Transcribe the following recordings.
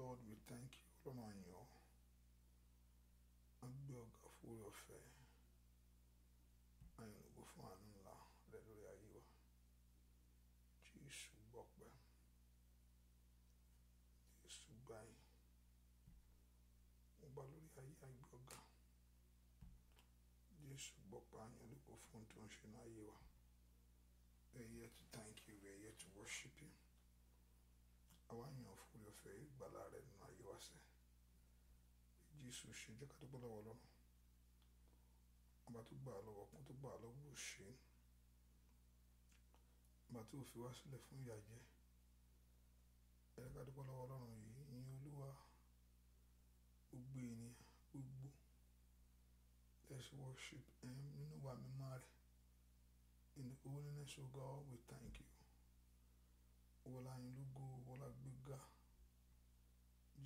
Lord, we thank you. Romanyo, àyàn ọ́. A gbé ọ̀gá fún orí ọ̀fẹ́. Àyàn ògo fún àánú ńlá rẹ̀ lórí ayé wa. Jésù gbọ́pẹ́. Jésù gbàyìn. Mo gbà lórí ayé àgbé ọ̀gá. Jésù gbọ́pẹ́ àyàn ògo fún tó ń ṣe ní ayé wa. We are here to thank you. We are here to worship you àwa yàn fúri ọ̀fẹ́ ìgbàlá rẹ̀ nínú ayé wa sí jésù ṣe jẹ́ ká tó gbọ́ lọ́wọ́ ọba tó gbà á lọ́wọ́ tó gbà á lọ́wọ́ òṣè ọba tó fi wá sílẹ̀ fún ìyà jẹ ẹ̀rẹ́ ká tó gbọ́ yìí ní olúwa gbogbo ènìyàn gbogbo let's worship him nínú wa mímọ́ rẹ̀ in the holiness of God we thank you. wọlá yín lógo biga, gbéga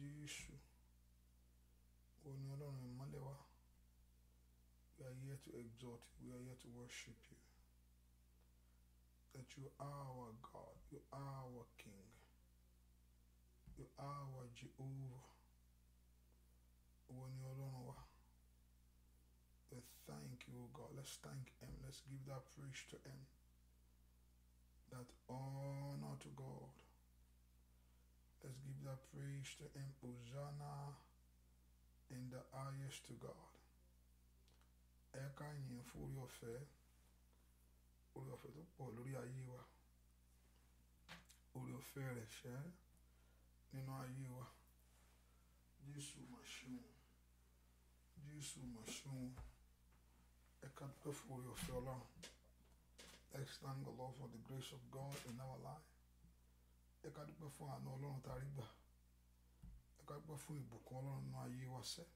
jésù ọlọ́run we are here to exalt we are here to worship you that you are our God you are our King you are our Jehovah wọn ni ọlọ́run wa we thank you o God let's thank him let's give that praise to him that honor to God. Let's give that praise to Him. Hosanna in the highest to God. Eka ká yìn fún orí ọ̀fẹ́, orí ọ̀fẹ́ tó pọ̀ lórí ayé wa, orí ọ̀fẹ́ rẹ̀ ṣẹ́ nínú ayé wa. Jésù mà ṣeun, Jésù mà ṣeun, ẹ ká dúpẹ́ ọ̀fẹ́ Ọlọ́run. Let's thank the Lord for the grace of God in our life. Ẹ ká dúpẹ́ fún àánú Ọlọ́run tá a rí gbà. Ẹ ká dúpẹ́ fún ìbùkún Ọlọ́run nínú ayé wa sẹ́.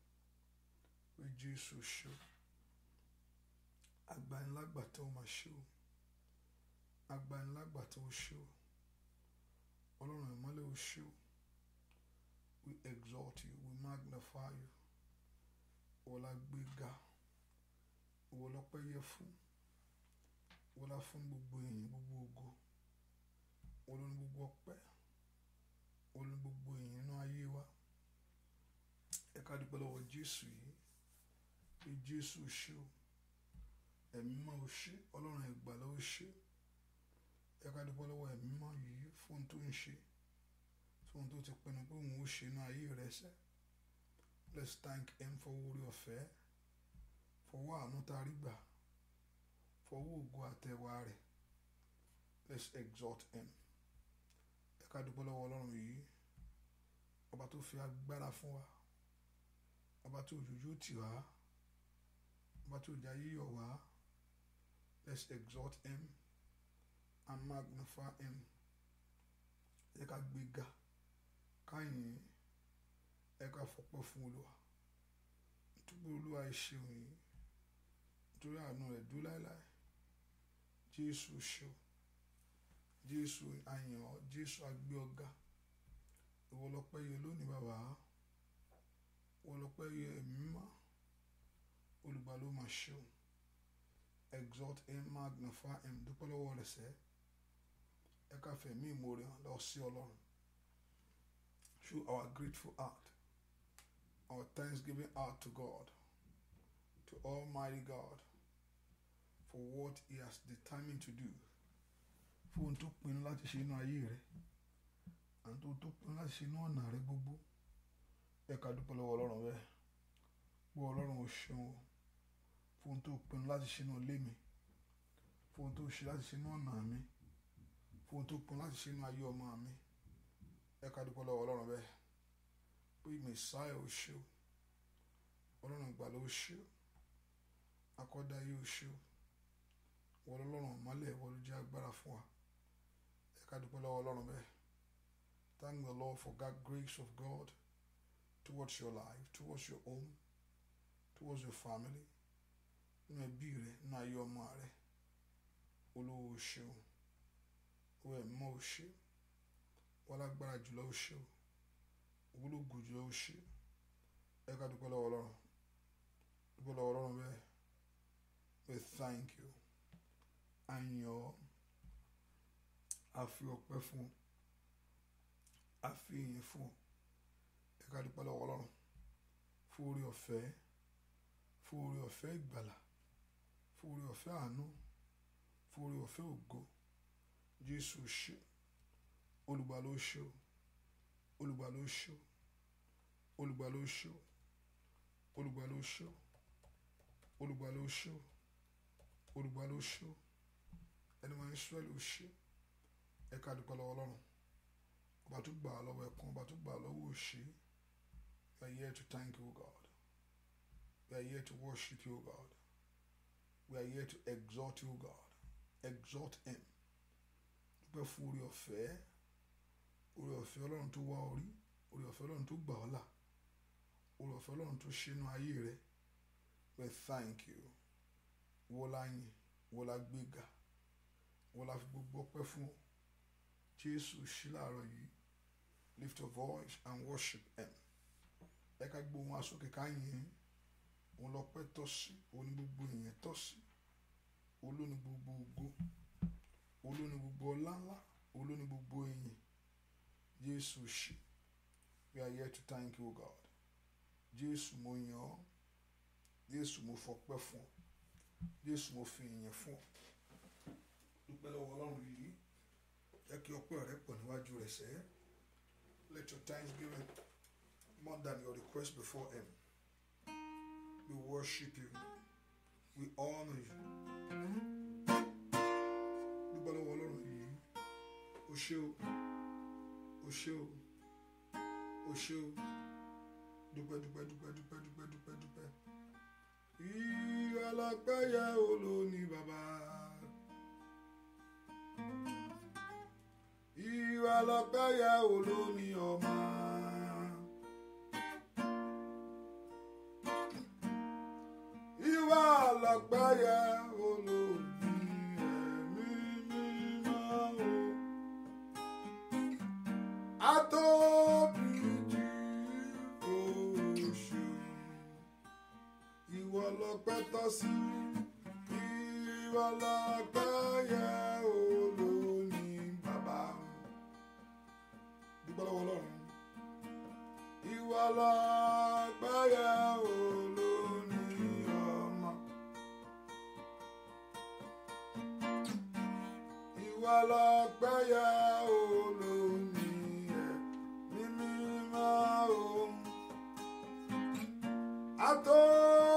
Pé Jésù ṣó. Agbanilágbà tó máa ṣó. Agbanilágbà tó ṣó. Ọlọ́run ìmọ́lẹ̀ ò ṣó. We exalt you, we magnify you. Ọlá gbéga. Ìwọ lọ́pẹ́ yẹ fún. Òun la fún gbogbo ìyìn, gbogbo ògo. Òun ni gbogbo ọpẹ́. Òun ni gbogbo ìyìn nínú ayé wa. Ẹ ká dúpẹ́ lọ́wọ́ Jésù yìí. Pé Jésù ṣe o. Ẹ̀mí mímọ́ o ṣe. Ọlọ́run ìgbàlà o ṣe. Ẹ ká dúpẹ́ lọ́wọ́ ẹ̀mí mímọ́ yìí fún ohun tó ń ṣe. Fún ohun tó ti pinnu pé òun ó ṣe nínú ayé rẹ sẹ́. Let's thank him for oore ọ̀fẹ́. For owó àánú tá a rí gbà for who ògo àtẹwà rẹ̀ let's exalt him ẹ ká dúpẹ́ lọ́wọ́ ọlọ́run yìí ọba tó fi agbára fún wa ọba tó òjòjú tì wá ọba tó ìjà yíyọ̀ wá let's exalt him and magnify him ẹ ká gbéga káyìn ẹ ká fọpẹ́ fún olúwa nítorí olúwa ẹ ṣeun yìí nítorí àánú rẹ̀ dúró láéláé jésù ṣeun jésù àyàn jésù agbé ọ̀gá ìwọ lọ́pẹ́ yẹ lónìí bàbá ìwọ lọ́pẹ́ yẹ ẹ̀mí mọ́ olùgbà ló ṣeun exalt him magnify him dúpẹ́ lọ́wọ́ rẹ̀ sẹ́ ẹ ká fẹ̀mí ìmoore lọ sí ọlọ́run show our grateful heart our thanksgiving heart to God to Almighty God for what he has determined to do fún ohun tó pinnu láti ṣe inú ayé rẹ àti ohun tó pinnu láti ṣe inú ọ̀nà rẹ gbogbo ẹ ká dúpẹ́ lọ́wọ́ ọlọ́run bẹ́ẹ̀ wọ ọlọ́run ò ṣeun o fún ohun tó pinnu láti ṣe inú ilé mi fún ohun tó ṣe láti ṣe inú ọ̀nà mi fún ohun tó pinnu láti ṣe inú ayé ọmọ mi ẹ ká lọ́wọ́ ọlọ́run bẹ́ẹ̀ pé mẹ́sáì ò ṣe o ọlọ́run ìgbàlà ò ṣe o akọ́dá ò ṣe o. jẹ́ agbára fún wa ẹ ká dúpẹ́ lọ́wọ́ ọlọ́run bẹ́ẹ̀ thank the Lord for that grace of God towards your life towards your home towards your family nínú ẹbí rẹ nínú ayé ọmọ rẹ olówó ṣeun owó ẹ̀mọ́ ò ṣe wọ́n lágbára jùlọ ò ṣe jùlọ ò ṣe ẹ ká dúpẹ́ lọ́wọ́ ọlọ́run dúpẹ́ lọ́wọ́ ọlọ́run bẹ́ẹ̀ we thank you. A yìn ọ́, a fi ọpẹ́ fún ọ, a fi ìyìn fún ọ. Ẹ ká dúpẹ́ lọ́wọ́ Ọlọ́run fún oore ọ̀fẹ́, fún oore ọ̀fẹ́ ìgbàlà, fún oore ọ̀fẹ́ àánú, fún oore ọ̀fẹ́ ògo. Jésù ṣé, Olùgbà ló ṣé o, Olùgbà ló ṣé o, Olùgbà ló ṣé o, ẹni wọn Ísírẹ́lì ò ṣe ẹ ká dúpẹ́ lọ́wọ́ ọba tó gbà á ẹkún ọba tó gbà á lọ́wọ́ òṣè we are here to thank you God we are here to worship you God we are here to exalt you God exalt him dúpẹ́ fún orí ọ̀fẹ́ orí ọ̀fẹ́ Ọlọ́run tó wá orí orí ọ̀fẹ́ Ọlọ́run tó gbà ọ́ là orí ọ̀fẹ́ Ọlọ́run tó ṣínú ayé rẹ we thank you wọ́lá yìn wọ́lá gbéga wọ́n la fi gbogbo ọpẹ́ fún Jésù ṣí láàárọ̀ yìí lift your voice and worship him ẹ ká gbóhùn asókè ká yìn òun lọ́pẹ́ tọ́ sí òun gbogbo ìyẹn tọ́ sí olóni gbogbo ògo olóni gbogbo ọláńlá olóni gbogbo ìyìn Jésù ṣí we are here to thank you God Jésù mo yàn ọ́ Jésù mo fọpẹ́ fún ọ́ Jésù mo fi ìyìn fún ọ́ dúpẹ́ lọ́wọ́ ọlọ́run yìí jẹ́ kí ọpẹ́ rẹ pọ̀ níwájú rẹ̀ sẹ́ let your thanksgiving more than your request before him we worship you we honour you dúpẹ́ lọ́wọ́ ọlọ́run yìí o ṣé o o ṣé o o ṣé o dúpẹ́ dúpẹ́ dúpẹ́ dúpẹ́ dúpẹ́ dúpẹ́ dúpẹ́ yìí alágbáyà olóní bàbá. ìwà lọ́kọ́yà olómi ọmọ. ìwà lọ́kọ́yà olómi ẹ̀mí mímọ́ o. atóbi jù oṣù ìwà lọ́pẹ́ tọ́ sí ìwà lọ́kọ́yà. dúpẹ́ lọ́wọ́ ọlọ́run ìwà lágbáyà olóní ọmọ ìwà lágbáyà olóní ẹ̀ mímí máa ń. Ator!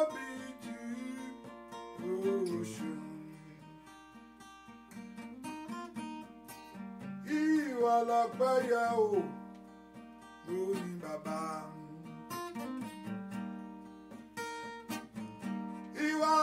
lọ́pẹ́ yẹ o lórí bàbá. ìwà.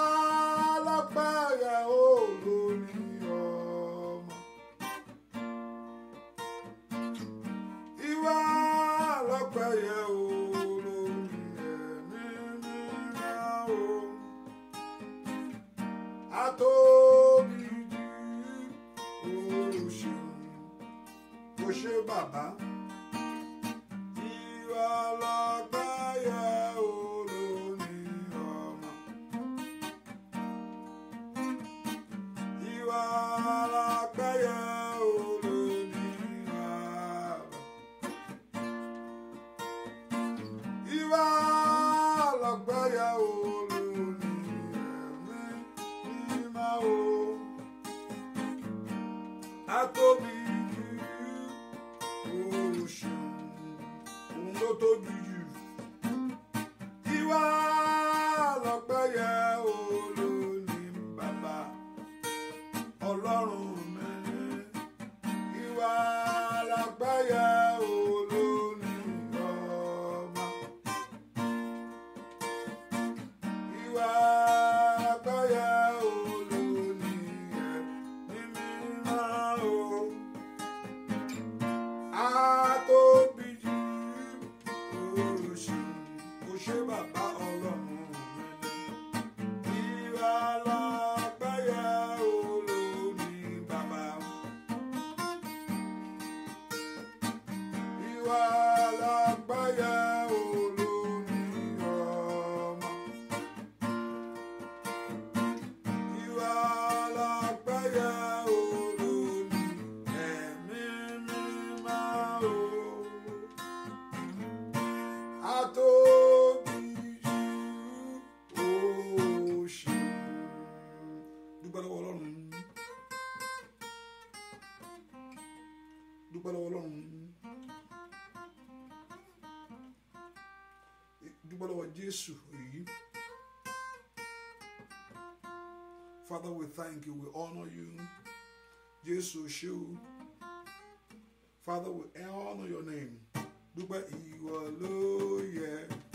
dúpẹ́ lọ́wọ́ Jésù yìí. Father, we thank you, we honor you. Jésù ṣé Father, we honor your name. Dúpẹ́ ìwọ ló Yeah.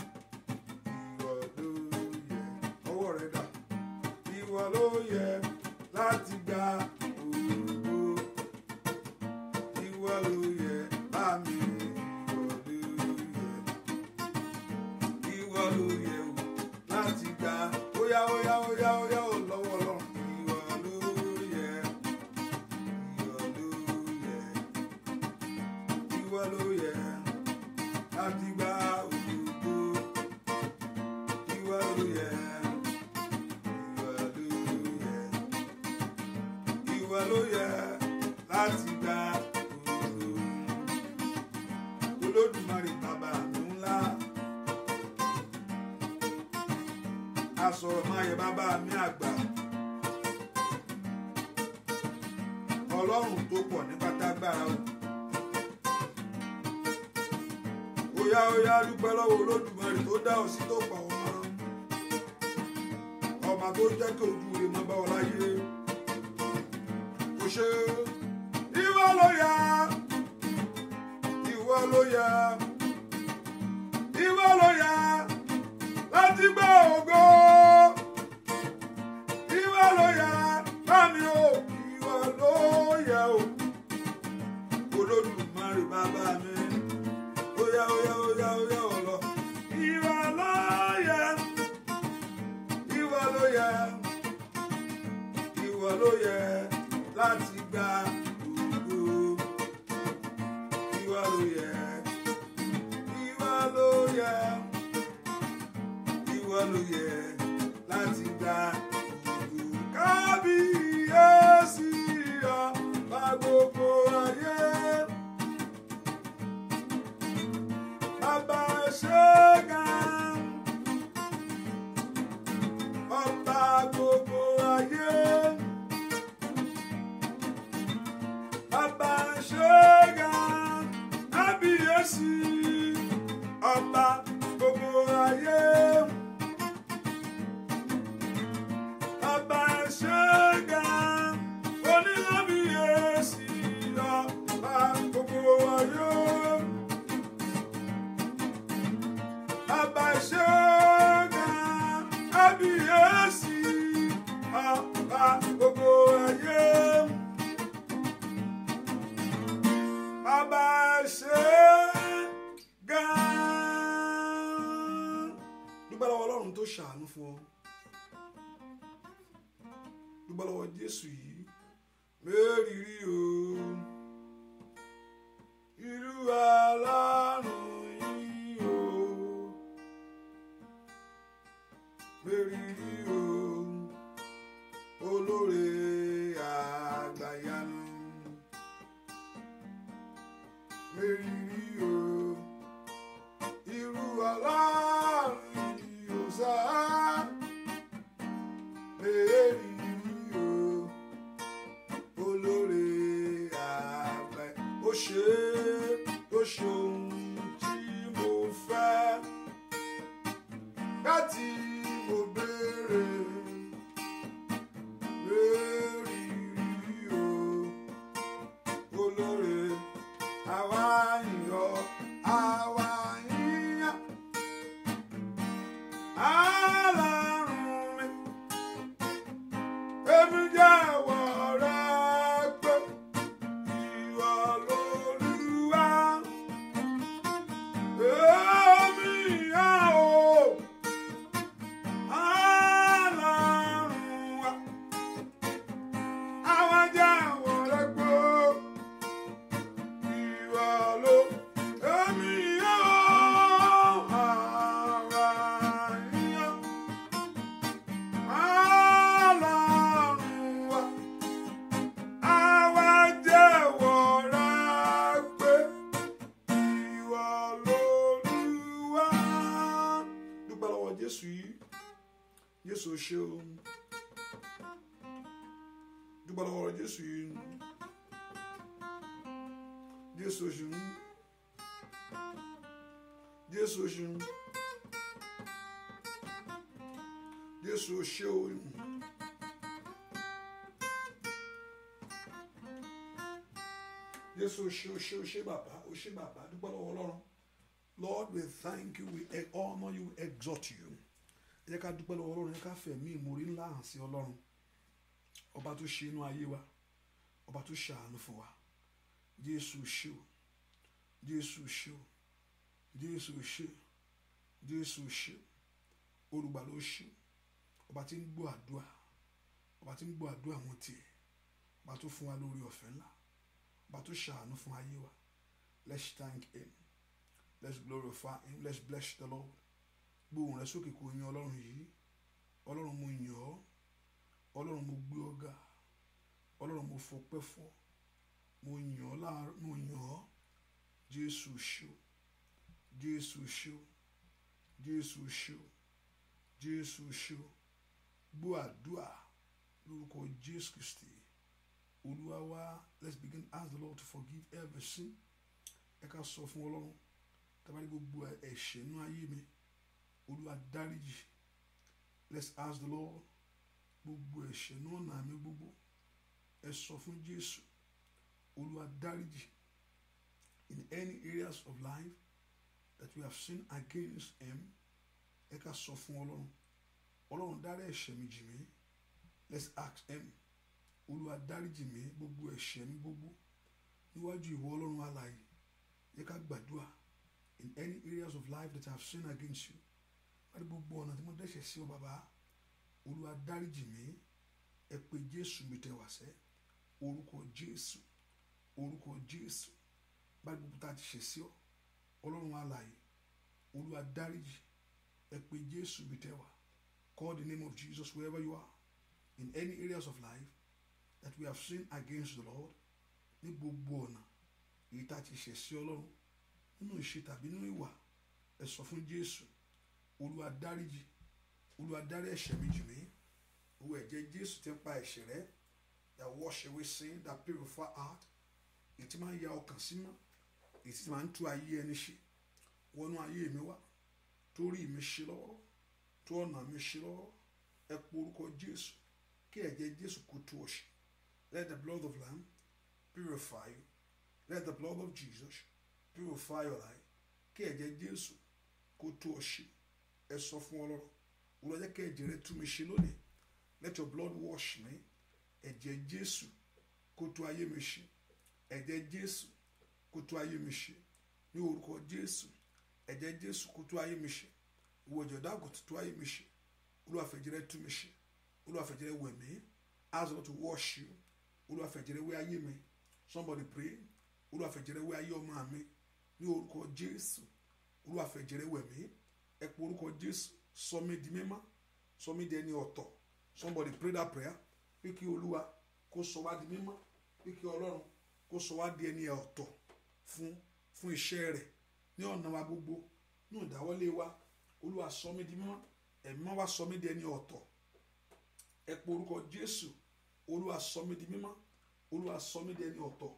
bàbá mi àgbà ọlọ́run tó pọ̀ ní pátágbára o óyá óyá dúpẹ́ lọ́wọ́ olódùmarè tó dá ọ sí tó pa ọmọ ọmọ tó jẹ́ kí ojú. lóye láti dá. isso jésù o ṣé o ṣé o ṣé bàbá o bàbá dúpẹ́ lọ́wọ́ ọlọ́run lord we thank you we e, honour you we exalt you ẹ jẹ́ ká dúpẹ́ lọ́wọ́ ọlọ́run ẹ ká fẹ̀mí ìmorí ńlá hàn sí ọlọ́run ọba tó ṣe inú ayé wa ọba tó ṣàánú fún wa jésù o ṣé o jésù o ṣé o jésù o ṣé jésù o olùgbà ló ṣe ọba tí ń gbọ́ àdúrà ọba tí ń gbọ́ àdúrà wọn tiẹ̀ ọba tó fún wa lórí ọ̀fẹ́ ńlá but to ṣàánú fún ayé wa let's thank him let's glorify him let's bless the lord gbóhùn rẹ sókè kò yan ọlọ́run yìí ọlọ́run mo yàn ọ́ ọlọ́run mo gbé ọ̀gá ọlọ́run mo fọpẹ́ fọ́ mo yàn ọ́ láàárọ̀ mo yàn ọ́ jésù ṣó jésù ṣó jésù ṣó jésù ṣó gbọ́ àdúrà lórúkọ jésù kristi olúwawa let's begin ask the lord to forgive every sin ẹ ká sọ fún ọlọ́run tabali gbogbo ẹ̀ṣẹ̀ inú ayé mi olúwa dáríjì let's ask the lord gbogbo ẹ̀ṣẹ̀ inú ọ̀nà mi gbogbo ẹ sọ fún jésù olúwa dáríjì in any areas of life that we have sinned against him ẹ ká sọ fún ọlọ́run ọlọ́run dárí ẹ̀ṣẹ̀ mi jì mí let's ask him olúwa dáríjì mi gbogbo ẹ̀ṣẹ̀ mi gbogbo níwájú ìwọ ọlọ́run alààyè yẹ ká gbàdúrà in any areas of life that I have sinned against you láti gbogbo ọ̀nà tí mo dẹ́ṣẹ̀ sí ọ bàbá olúwa dáríjì mi ẹ pé jésù mi tẹwà sẹ́ orúkọ jésù orúkọ jésù báyìí gbogbo tá a ti ṣẹ̀ sí ọ ọlọ́run alààyè olúwa dáríjì ẹ pé jésù mi tẹwà call the name of Jesus wherever you are in any areas of life that we have sinned against the Lord ní gbogbo ọ̀nà èyí tá a ti ṣẹ̀ sí ọlọ́run nínú ìṣe tàbí nínú ìwà ẹ sọ fún Jésù Olúwa dáríjì Olúwa dárí ẹ̀ṣẹ̀ mi jì mí owó ẹ̀jẹ̀ Jésù ti ń pa ẹ̀ṣẹ̀ rẹ́ that wash away sin that purify heart èyí tí máa ń ya ọkàn sí mọ́ èyí tí máa ń tú ayé ẹni ṣe wọnú ayé mi wá torí mi ṣe lọ́wọ́ tó ọ̀nà mi ṣe lọ́wọ́ ẹ pe Jésù kí ẹ̀jẹ̀ Jésù kó tú ọ̀ṣẹ̀ Let the blood of Lamb purify you. Let the blood of Jesus purify your life. Kí ẹ̀jẹ̀ Jésù kó tó ọ ṣe. Ẹ sọ fún Ọlọ́run. Olúwa jẹ́ kí ẹ̀jẹ̀ rẹ tún mi ṣe lónìí. Let your blood wash me. Ẹ̀jẹ̀ Jésù kó tó ayé mi ṣe. Ẹ̀jẹ̀ Jésù kó tó ayé mi ṣe. Ní orúkọ Jésù. Ẹ̀jẹ̀ Jésù kó tó ayé mi ṣe. Ìwọ ìjọ̀dá àgùntàn tó ayé mi ṣe. Olúwa fẹ̀jẹ̀ rẹ tún mi ṣe. Olúwa fẹ̀jẹ̀ rẹ wẹ̀ mí. Ask God to wash you olúwa fẹ̀jẹ̀rẹ̀ ayé mi somebody pray olúwa fẹ̀jẹ̀rẹ̀ wé ayé ọmọ mi ní orúkọ jésù olúwa fẹ̀jẹ̀rẹ̀ wẹ̀ mí ẹ pé orúkọ jésù sọ mí di mímọ́ sọ di ẹni ọ̀tọ̀ somebody pray that prayer pé kí olúwa kó sọ wá di mímọ́ pé kí ọlọ́run kó sọ wá di ẹni ọ̀tọ̀ fún fún iṣẹ́ rẹ̀ ní ọ̀nà wa gbogbo ní ìdáwọ́lé wa olúwa sọ mí di mímọ́ ẹ̀mí mọ́ wá sọ mí di ẹni ọ̀tọ̀ ẹ pé orúkọ jésù olúwa sọ di mímọ́ olúwa sọ mí dẹni ọ̀tọ̀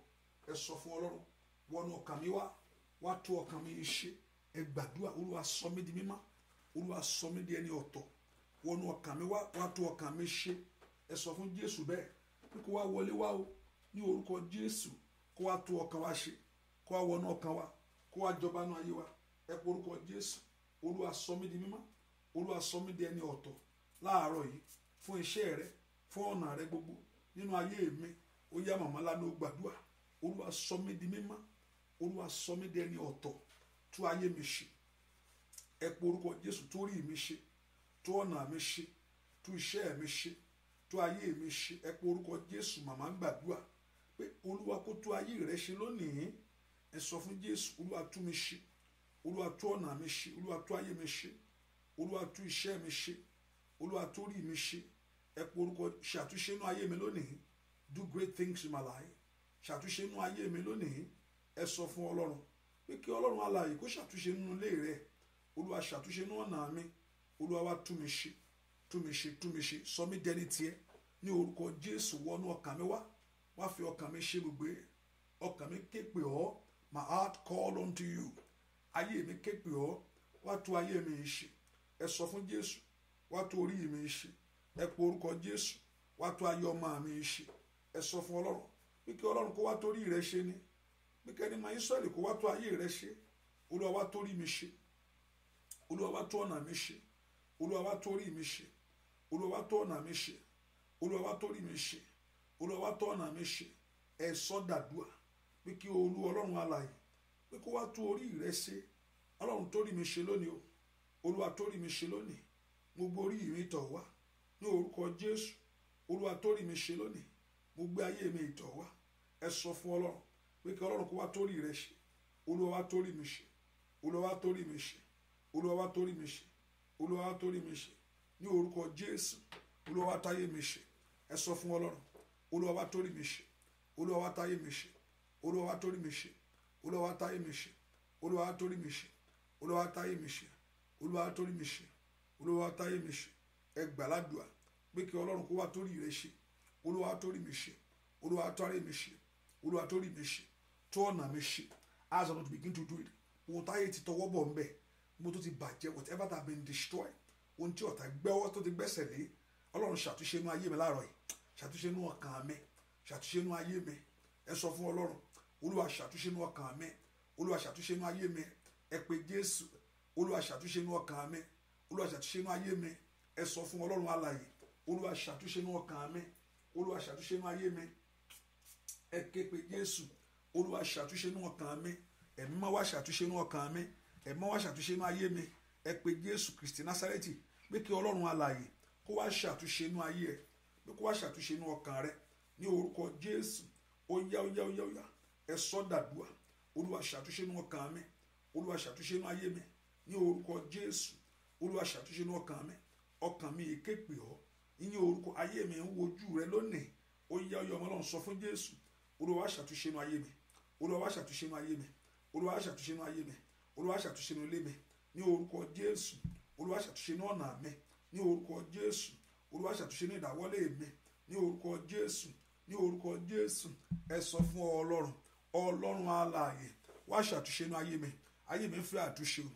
ẹ sọ fún ọlọ́run wọnú ọkàn mi wá wá tó ọkàn mi ṣe ẹ gbàdúrà di ọ̀tọ̀ wọnú ọkàn mi wá wá tó ọkàn mi ṣe ẹ sọ fún jésù bẹ́ẹ̀ pé kó wá wọlé wá o ní orúkọ jésù wa ṣe kó wá wọnú ọkàn kó wá jọba ayé wa ẹ pé orúkọ jésù ọ̀tọ̀ láàárọ̀ yìí fún iṣẹ́ rẹ fún ọ̀nà gbogbo nínú ayé mi ó yá màmá lánàá ó gbàdúrà olúwa sọ mí di mímọ́ olúwa sọ mí di ẹni ọ̀tọ̀ tú ayé mi ṣe ẹ pé orúkọ jésù tó rí mi ṣe tú ọ̀nà mi ṣe tú iṣẹ́ mi ṣe tú ayé mi ṣe ẹ pé orúkọ jésù màmá gbàdúrà pé olúwa kó tú ayé rẹ ṣe lónìí ẹ sọ fún jésù olúwa tú mi ṣe olúwa tú ọ̀nà mi ṣe olúwa tú ayé mi ṣe olúwa tú iṣẹ́ mi ṣe olúwa tó rí mi ṣe ẹ pé orúkọ ṣàtúnṣe inú ayé mi lónìí do great things in my life ṣàtúnṣe inú ayé mi lónìí ẹ sọ fún ọlọ́run pé kí ọlọ́run alààyè kó ṣàtúnṣe inú ilé rẹ olúwa ṣàtúnṣe inú ọ̀nà mi olúwa wá tú mi ṣe tú mi ṣe tú mi ṣe sọ mí dẹni tiẹ̀ ní orúkọ jésù wọnú ọkàn mi wá wá fi ọkàn mi ṣe gbogbo ọkàn mi ké pè my heart call unto you ayé mi ké pè ọ́ wá tú ayé mi ṣe ẹ sọ fún jésù wá tú orí mi ṣe ẹ pọ orúkọ jésù wá tú ayé ọmọ mi ṣe ẹ sọ fún ọlọ́run pé kí ọlọ́run kó wá torí rẹ ṣe ni pé kẹ́ni máa Ísírẹ́lì kó wá tó ayé rẹ ṣe olúwa wá torí mi ṣe olúwa wá tó ọ̀nà mi ṣe olúwa wá torí mi ṣe olúwa wá tó ọ̀nà mi ṣe olúwa wá torí mi ṣe olúwa wá tó ọ̀nà mi ṣe ẹ dàdúà pé olú ọlọ́run alààyè pé kó wá tó orí rẹ ṣe ọlọ́run torí mi ṣe lónìí o olúwa torí mi ṣe lónìí mo gborí mi tọ̀ wá ní orúkọ Jésù olúwa torí mi ṣe lónìí mo gbé ayé mi ìtọ̀ wá ẹ sọ fún ọlọ́run pé kí ọlọ́run kó wá torí rẹ ṣe olúwa wá torí mi ṣe olúwa wá torí mi ṣe olúwa wá torí mi ṣe olúwa wá torí mi ṣe ní orúkọ jésù olúwa wá táyé mi ṣe ẹ sọ fún ọlọ́run olúwa wá torí mi ṣe olúwa wá táyé mi ṣe olúwa wá torí mi ṣe olúwa wá táyé mi ṣe olúwa wá torí mi ṣe olúwa wá táyé mi ṣe olúwa wá torí mi ṣe olúwa wá táyé mi ṣe ẹ gbàládùá pé kí ọlọ́run kó wá torí rẹ ṣe olúwa tó rí mi ṣe olúwa tó rí mi ṣe olúwa tó rí mi ṣe tó ọ̀nà mi ṣe as of to begin to do it ohun táyé ti tọwọ́ bọ̀ mo tó ti bàjẹ́ whatever that been destroyed ohun tí ọ̀tá gbẹ́wọ́ tó ti gbẹ́sẹ̀ lé ọlọ́run ṣàtúnṣe inú ayé mi láàárọ̀ yìí ṣàtúnṣe inú ọkàn mi ṣàtúnṣe inú ayé mi ẹ sọ fún ọlọ́run olúwa ṣàtúnṣe inú ọkàn mi olúwa ṣàtúnṣe inú ayé mi ẹ pé jésù olúwa olúwa ṣàtúnṣe nínú ayé mi ẹ ké pe jésù olúwa ṣàtúnṣe nínú ọkàn mi ẹ̀mí máa wá ṣàtúnṣe nínú ọkàn mi ẹ̀mí máa wá mi ẹ pe jésù kristi násárẹ́tì pé kí ọlọ́run alààyè kó wá ṣàtúnṣe nínú ayé ẹ pé kó wá ṣàtúnṣe nínú ọkàn rẹ ní orúkọ jésù ó yá ó ẹ sọ dàdúà olúwa ṣàtúnṣe ọkàn mi olúwa ṣàtúnṣe mi ní orúkọ jésù olúwa ṣàtúnṣe mi ọkàn mi èké pè iye orúkọ ayé mi ń wojú rẹ lónìí ó yá ọyọ ọmọ ọlọ́run sọ fún jésù olúwa ṣàtúnṣe nu ayé mi olúwa ṣàtúnṣe nu ayé mi olúwa ṣàtúnṣe nu ayé mi olúwa ṣàtúnṣe nu ilé mi ní orúkọ jésù olúwa ṣàtúnṣe nu ọ̀nà mi ní orúkọ jésù olúwa ṣàtúnṣe nu ìdáwọ́lé mi ní orúkọ jésù ní orúkọ jésù ẹ sọ fún ọlọ́run ọlọ́run alààyè ṣàtúnṣe nu ayé mi ayé mi fẹ́ àtúnṣe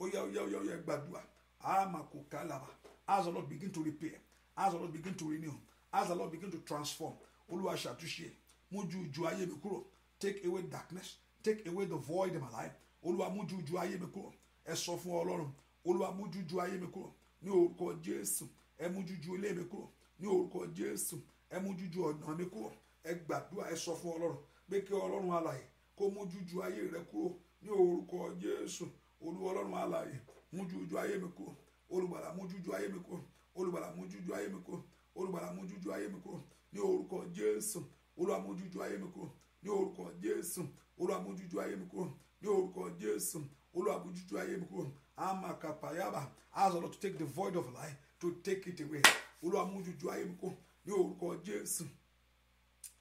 Oya, oya, oya, oya, gbàdúrà. Amakukalaba. As the Lord begin to repair, as the Lord begin to renew, as the Lord begin to transform, Olúwa ṣàtúnṣe, mú ju ju ayé mi kúrò, take away darkness, take away the void in my life, Olúwa mú ju ju ayé mi kúrò, ẹ sọ fún Ọlọ́run, Olúwa mú ju ju ayé mi kúrò, ní orúkọ Jésù, ẹ mú ju ju ilé mi kúrò, ní orúkọ Jésù, ẹ mú ju ju ọ̀nà mi kúrò, ẹ gbàdúrà ẹ sọ fún Ọlọ́run, pé kí Ọlọ́run alààyè kó mú ju ju ayé rẹ kúrò, ní orúkọ Jésù. olúwa ọlọ́run alààyè mú jújú ayé mi kó olùgbàlà mú jújú ayé mi kó olùgbàlà mú jújú ayé mi kó olùgbàlà mú jújú ayé mi kó ní orúkọ jésù olúwa mú jújú ayé mi kó ní orúkọ jésù olúwa mú jújú ayé mi kó ní orúkọ jésù olúwa mú jújú ayé mi kó amakapayaba ask to take the void of life to take it away olúwa mú jújú ayé mi kó ní orúkọ jésù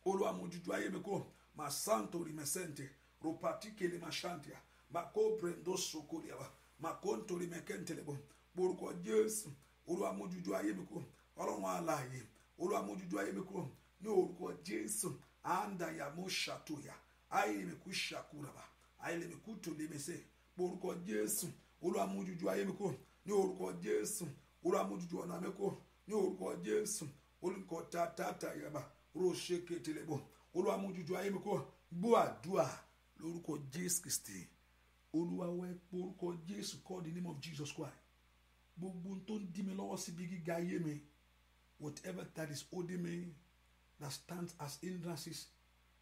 olúwa mú jújú ayé mi kó masanto rimesente ropati masantia mako prendo sokori yaba mako ntori mẹkẹntelebo gborúkọ jésù olúwa mú jújú ayé mi kúrò ọlọ́run alààyè olúwa mú jújú ayé mi kúrò ní orúkọ jésù àndàyàmú ṣàtòyà ayélujáku ṣàkúraba ayélujáku tòlémẹsẹ gborúkọ jésù olúwa mú jújú ayé mi kúrò ní orúkọ jésù olúwa mú jújú ọ̀nà mi kúrò ní orúkọ jésù olùkọ́ tàtàtà yaba ròṣèké tẹlẹbọ olúwa mú jújú ayé mi kúrò gbọ́ àdúrà lórúkọ jésù kristi olúwa wẹ porúkọ jésù call the name of jesus christ gbogbo tó ń dí mi lọ́wọ́ síbi gíga ayé mi whatever that is holding me that stands as hindrances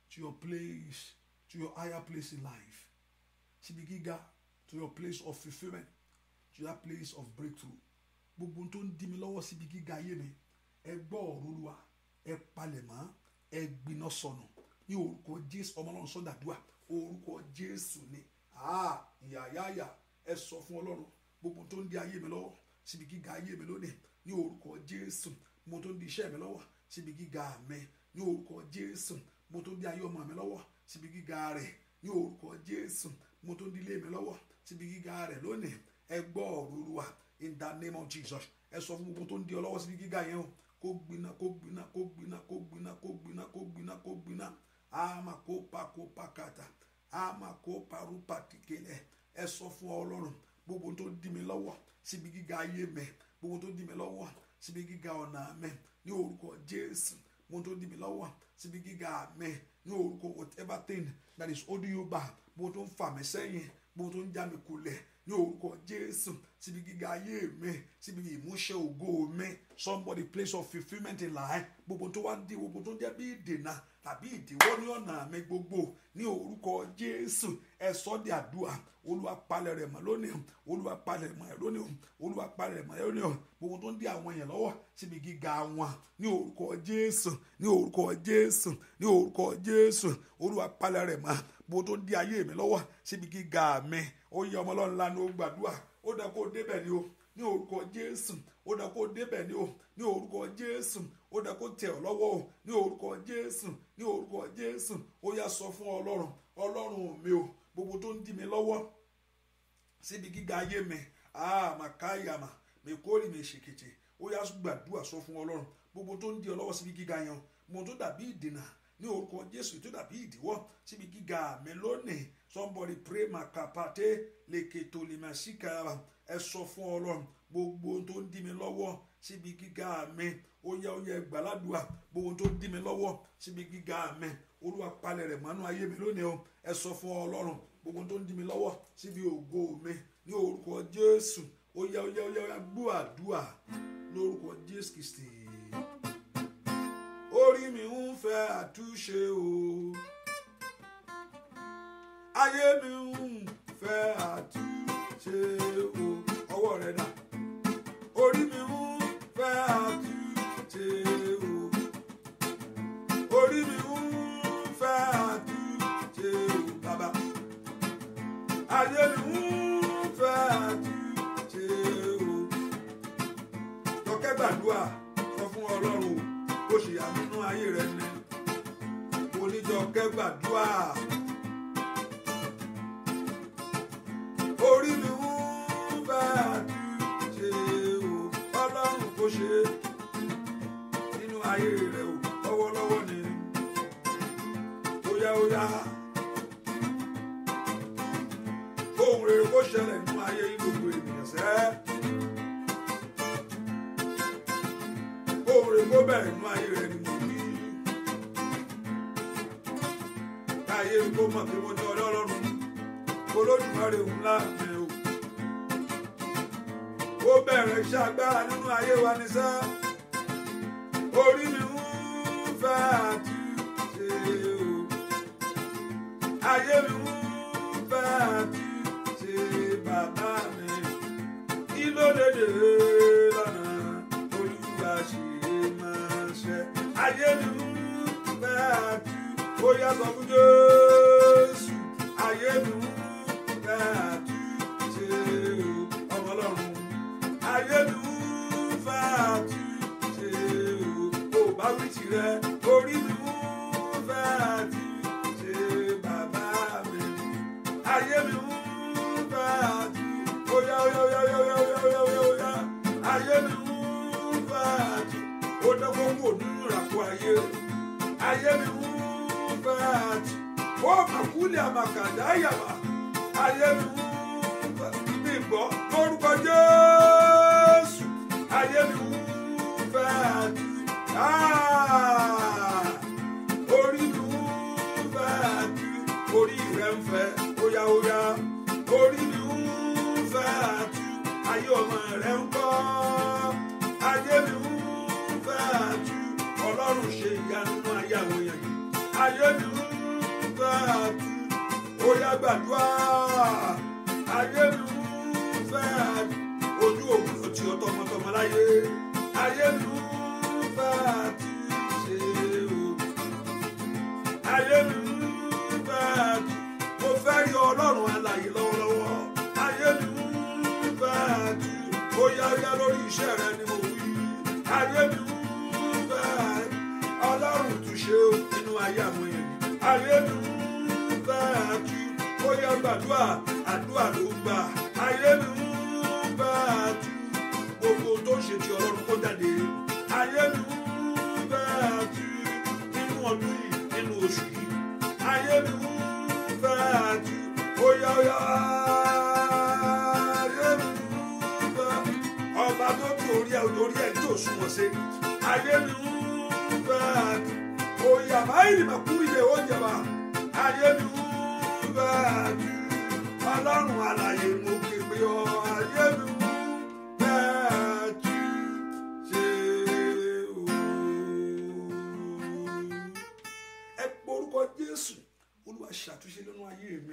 to your place to your higher place in life síbi gíga to your place of fulfilment to that place of breakthrough gbogbo tó ń dí mi lọ́wọ́ síbi gíga ayé mi ẹ gbọ́ ọ̀rọ̀ olúwa ẹ palẹ̀ mọ́ ẹ gbiná sọnù ní orúkọ jésù ọmọ ọlọ́run sọ́dàdúà orúkọ jésù ni. Ah, yàyàyà ẹ sọ fún ọlọ́run gbogbo tó ń di ayé mi lọ́wọ́ síbi gíga ayé mi lónìí ní orúkọ jésù mo tó ń di iṣẹ́ mi lọ́wọ́ síbi gíga mi ní orúkọ jésù mo tó ń di ayé ọmọ mi lọ́wọ́ síbi gíga rẹ̀ ní orúkọ jésù mo tó ń di ilé mi lọ́wọ́ síbi gíga rẹ̀ lónìí ẹ gbọ́ ọ̀rọ̀ olúwa in the name of jesus ẹ sọ fún gbogbo tó ń di ọlọ́wọ́ síbi gíga yẹn o kó gbiná kó gbiná kó gbiná kó gbiná kó gbiná kó gbiná kó gbiná àmà kó pa kó pa kàtà àmàkó parúpà kékeré ẹ sọ fún ọlọ́run gbogbo tó dí mi lọ́wọ́ síbi gíga ayé mi gbogbo tó dí mi lọ́wọ́ síbi gíga ọ̀nà mi ní orúkọ jésù mo tó dí mi lọ́wọ́ síbi gíga mi ní orúkọ whatever thing that is holding you back gbogbo tó ń fà mí sẹ́yìn gbogbo tó ń já mi kulẹ̀ ní orúkọ jésù síbi gíga ayé mi síbi ìmúṣẹ ògo mi somebody place of fulfilment in life gbogbo tó wá ń di gbogbo tó ń jẹ́ bí ìdènà tàbí ìdíwọ́ ní ọ̀nà mi gbogbo ní orúkọ jésù ẹ sọ di àdúrà olúwa palẹ̀ rẹ̀ mọ́ lónìí olúwa palẹ̀ mọ́ ẹ lónìí olúwa palẹ̀ mọ́ ẹ lónìí gbogbo tó ń di àwọn èèyàn lọ́wọ́ síbi gíga wọn ní orúkọ jésù ní orúkọ jésù ní orúkọ jésù olúwa rẹ̀ mọ́ bo tó ń di ayé mi lọ́wọ́ síbi gíga mi ó yẹ ọmọ ọlọ́run lánàá ó gbàdúrà ó dá kó débẹ̀ ni o ní orúkọ jésù ó dá kó débẹ̀ ni o ní orúkọ jésù ó dá kó tẹ̀ ọ́ lọ́wọ́ o ní orúkọ jésù ní orúkọ jésù ó yá sọ fún ọlọ́run ọlọ́run mi o gbogbo tó ń di mi lọ́wọ́ síbi gíga ayé mi àmàkáyàmà ah, mi kórè mi ṣèkìtì ó yá gbàdúrà sọ fún ọlọ́run gbogbo tó ń di ọ lọ́wọ́ síbi gíga yẹn o mo tó dàbí ìdènà ní orúkọ jésù tó dàbí ìdíwọ́ síbi gíga mi lónìí somebody pray makapate leketo limashika ẹ sọ fún ọlọ́run gbogbo ohun tó ń dí mi lọ́wọ́ síbi gíga mi ó yá ó yá gbàládùá gbogbo ohun tó ń dí mi lọ́wọ́ síbi gíga mi olúwa palẹ̀ rẹ̀ mọ́nú ayé mi lónìí o ẹ sọ fún ọlọ́run gbogbo ohun tó ń dí mi lọ́wọ́ síbi ògo mi ní orúkọ jésù ó yá ó yá ó yá gbọ́ lórúkọ jésù kristi orí mi ń fẹ́ àtúnṣe o ayé mi ń fẹ́ àtúnṣe o ọwọ́ rẹ̀ dà orí mi ń fẹ́ àtúnṣe o orí mi ń fẹ́ àtúnṣe o bàbá ayé mi ń fẹ́ àtúnṣe o tọ́kẹ́ gbàdúrà sọ fún ọlọ́run o kò ṣèyà nínú ayé rẹ ni. Fúnkẹ́ gbàdúrà. orí mi ń bá àdúgbò o ọlọ́run kò ṣe nínú ayé rẹ o lọ́wọ́lọ́wọ́ ni óyáóyá ohun rere kó ṣẹlẹ̀ nínú ayé gbogbo ènìyàn sẹ́ ohun rere kó bẹ̀rẹ̀ nínú ayé rẹ. káyé kó mọ̀ pé mo jọ ọlọ́run olódùmarè ńlá àfẹ́ o. ó bẹ̀rẹ̀ iṣẹ́ agbára nínú ayé wa ní sá orí mi ń fẹ́ àtúnṣe o ayé mi ń fẹ́ àtúnṣe bàbá mi kí ló lọ́nà olúwa ṣe máa ṣe ayé mi ń fẹ́ àtúnṣe ó yá sọ fún jẹ orí mi mú fẹ́ àti ṣe bàbá mi ó dọ́gbọ́n kò nínú ìràpọ̀ yàrá ayé mi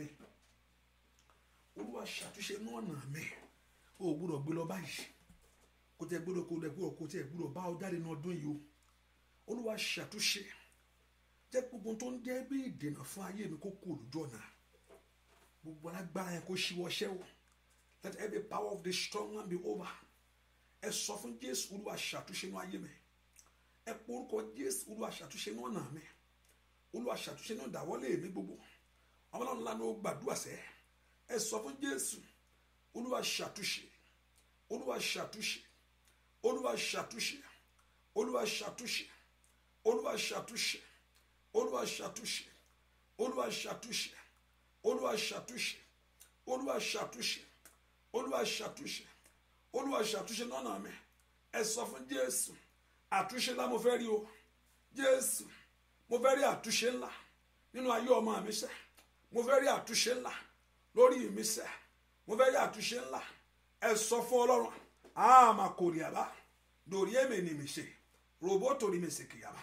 mi olúwa ṣàtúnṣe ní ọ̀nà mi o ò gbúdọ̀ gbé lọ báyìí kò tẹ gbúdọ̀ kò tẹ gbúdọ̀ kò tẹ gbúdọ̀ bá ọ jáde ní ọdún yìí o olúwa ṣàtúnṣe jẹ́ gbogbo tó ń jẹ́ bí ìdènà fún ayé mi kó kú olùjọ náà gbogbo alágbára yẹn kó ṣíwọ́ ṣẹ́ o let every power of the strong man be over ẹ sọ fún jésù olúwa ṣàtúnṣe ní ayé mi ẹ porúkọ jésù olúwa ṣàtúnṣe ní ọ̀nà mi olúwa ṣàtúnṣe ní ọ̀dàwọ́lé mi gbogbo àwọn ọlọ́run lánàá ó gbàdúrà sẹ́ ẹ sọ fún jésù olúwa ṣàtúnṣe olúwa ṣàtúnṣe olúwa ṣàtúnṣe olúwa ṣàtúnṣe olúwa ṣàtúnṣe olúwa ṣàtúnṣe olúwa ṣàtúnṣe olúwa ṣàtúnṣe olúwa ṣàtúnṣe olúwa ṣàtúnṣe olúwa ṣàtúnṣe lọ́nà mi ẹ sọ fún jésù àtúnṣe ńlá mo fẹ́ rí o jésù mo fẹ́ rí àtúnṣe ńlá nínú ayé ọmọ mi sẹ́ẹ̀ mo fẹ́ rí àtúnṣe ńlá lórí mi sẹ́ mo fẹ́ rí àtúnṣe ńlá ẹ sọ fún ọlọ́run àmà kò rí àbá lórí èmi ni mi ṣe roboto ni mi sì kì yàrá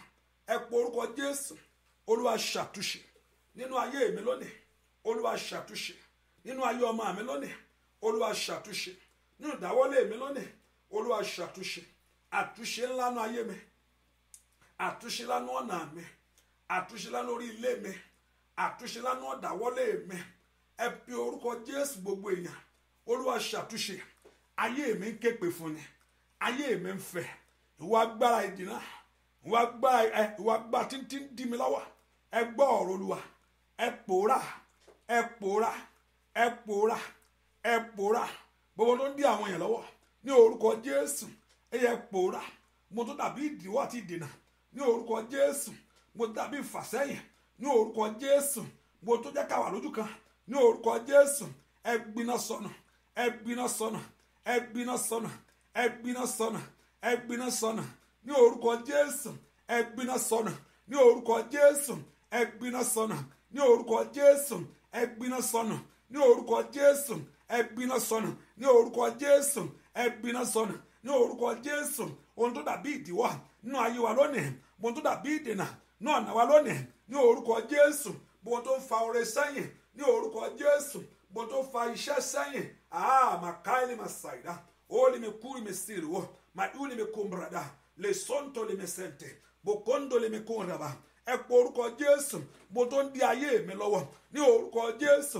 ẹ pọ orúkọ jésù olúwa ṣàtúnṣe nínú ayé mi lónìí olúwa ṣàtúnṣe nínú ayé ọmọ mi lónìí olúwa ṣàtúnṣe nínú ìdáwọ́lé mi lónìí olúwa ṣàtúnṣe àtúnṣe ńlá nú ayé mi àtúnṣe ńlá nú ọ̀nà mi àtúnṣe ńlá lórí ilé mi àtúnṣe lánà dáwọ́lé mi ẹ pe orúkọ jésù gbogbo èèyàn olúwa ṣàtúnṣe ayé mi ń képe fún ni ayé mi ń fẹ́ ìwà agbára ìdìnnà ìwà agbára ẹ ìwà agbára títí ń dí mi lọ́wọ́ ẹ gbọ́ ọ̀rọ̀ olúwa ẹ pòórà ẹ pòórà ẹ gbogbo tó ń àwọn èèyàn lọ́wọ́ ní orúkọ jésù ẹ yẹ pòórà dàbí ìdíwọ́ àti ìdènà ní orúkọ jésù mo dàbí ní orúkọ jésù gbogbo tó jẹ́ ká wà lójú kan ní orúkọ jésù ẹ gbiná sọnù ẹ gbiná sọnù ẹ gbiná sọnù ẹ gbiná sọnù ẹ gbiná sọnù ní orúkọ jésù ẹ gbiná sọnù ní orúkọ jésù ẹ gbiná sọnù ní orúkọ jésù ẹ gbiná sọnù ní orúkọ jésù ẹ gbiná sọnù ní orúkọ jésù ẹ gbiná sọnù ní orúkọ jésù ohun tó dàbí ìdíwọ́ nínú ayé wa lónìí ohun tó dàbí ìdènà náà náà wa lónìí ní orúkọ jésù gbogbo tó ń fa oore sẹ́yìn ní orúkọ jésù gbogbo tó ń fa iṣẹ́ sẹ́yìn àmàkáìlì ah, màsáìdá ólimikúri mẹsìrìwọ màdúlimikúmbrada lè sọ́ńtò lè mẹsẹ̀ǹtẹ̀ bòkóńdò lè mẹkúnraba ẹ pé orúkọ jésù gbogbo tó ń di ayé mi lọ́wọ́ ní orúkọ jésù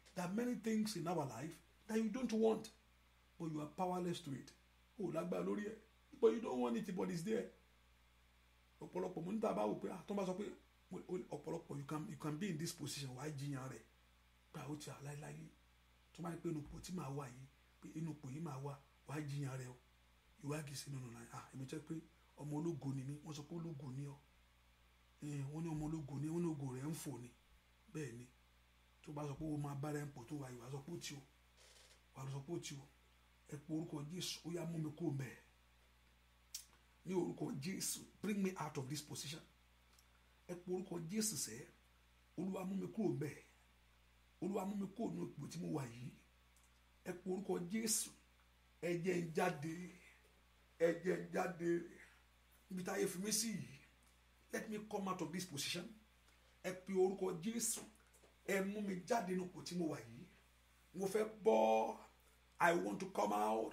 There are many things in our life that you don't want, but you are powerless to it. O lágbára lórí ẹ̀, but you don't want it, but it's there. Ọ̀pọ̀lọpọ̀ mo ní tàbá wò pé àtọ́ ah, bá sọ pé ọ̀pọ̀lọpọ̀ you can you can be in this position wàá jiyàn rẹ̀ gba ah, ó ti àláìláyé ah, tó bá ní pé inú ipò tí màá wà yìí pé inú ipò yìí màá wà wàá jiyàn rẹ̀ o ìwà gèsè nínú náà à èmi jẹ́ pé ọmọ ológo ni mí wọ́n sọ pé ológo ni ọ́ wọ́n ní ọmọ ológo ni wọ́n ní ògo rẹ̀ ń fò ni bẹ́ẹ̀ ni tó bá sọ pé o máa bára ẹ̀ pọ̀ tó wà yìí wà sọ pé ó ti o wà sọ pé ó ti o ẹ pé orúkọ Jésù ó yá mú mi kúrò mẹ́ẹ̀ ní orúkọ Jésù bring me out of this position ẹ pé orúkọ Jésù sẹ́ Olúwa mú mi kúrò mẹ́ẹ̀ Olúwa mú mi kúrò ní ipò tí mo wà yìí ẹ pé orúkọ Jésù ẹ jẹ́ jáde ẹ jẹ́ jáde níbi táyé fi mí sí yìí let me come out of this position ẹ pé orúkọ Jésù ẹ mú mi jáde nínú kò tí mo wà yìí mo fẹ́ bọ́ i want to come out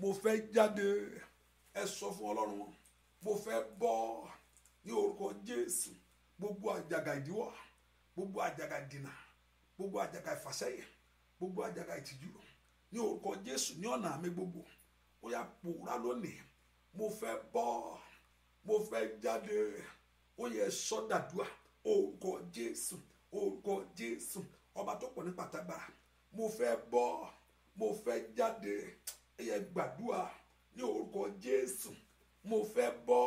mo fẹ́ jáde ẹ sọ fún ọlọ́run mo fẹ́ bọ́ ní orúkọ jésù gbogbo àjàgà ìdíwọ́ gbogbo àjàgà ìdìnà gbogbo àjàgà ìfàsẹ́yìn gbogbo àjàgà ìtìjú ní orúkọ jésù ní ọ̀nà mi gbogbo ó yá pòórá lónìí mo fẹ́ bọ́ mo fẹ́ jáde ó yẹ sọ́dàdúà orúkọ jésù orúkọ jésù ọba tó pọ̀ ní pàtàgbàrà mo fẹ́ bọ́ mo fẹ́ jáde ẹ̀yẹ gbàdúrà ní orúkọ jésù mo fẹ́ bọ́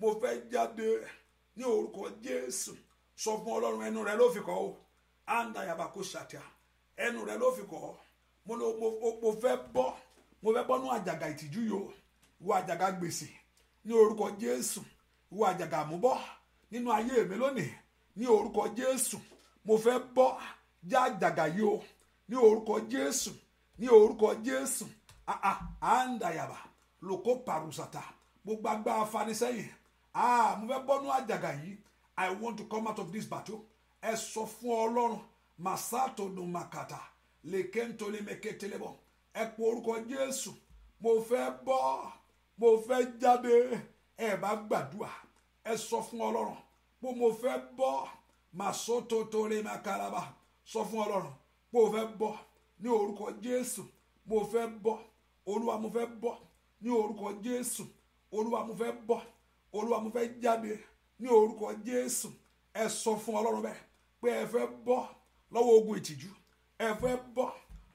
mo fẹ́ jáde ní orúkọ jésù sọ fún ọlọ́run ẹnu rẹ ló fi kọ́ o anda yaba kó ṣàtìyà ẹnu rẹ ló fi kọ́ mo mo fẹ́ bọ́ mo fẹ́ bọ́ nú àjàgà ìtìjú yìí o ìwọ àjàgà gbèsè ní orúkọ jésù ìwọ àjàgà àmúbọ́ nínú ayé mi lónìí ní orúkọ jésù mo fẹ́ bọ́ já àjàgà yìí o ní orúkọ jésù ní orúkọ jésù àà à ń dàyàbà lóko pàrùsàtà gbogbo agbára fanisẹ́yìn àà mo fẹ́ bọ́nú àjàgà yìí i want to come out of this battle ẹ sọ fún ọlọ́run masato no makata lekentole meketelebo ẹ pọ orúkọ jésù mo fẹ́ bọ́ mo fẹ́ jáde ẹ bá gbàdúrà ẹ sọ fún ọlọ́run pé mo fẹ́ bọ́ màsótótó rẹ̀ máa karaba sọ fún ọlọ́run pé o fẹ́ bọ́ ní orúkọ jésù mo fẹ́ bọ́ olúwa mo fẹ́ bọ́ ní orúkọ jésù olúwa mo fẹ́ bọ́ olúwa mo fẹ́ jáde ní orúkọ jésù ẹ sọ fún ọlọ́run bẹ́ẹ̀ pé ẹ fẹ́ bọ́ lọ́wọ́ ogun ìtìjú ẹ fẹ́ bọ́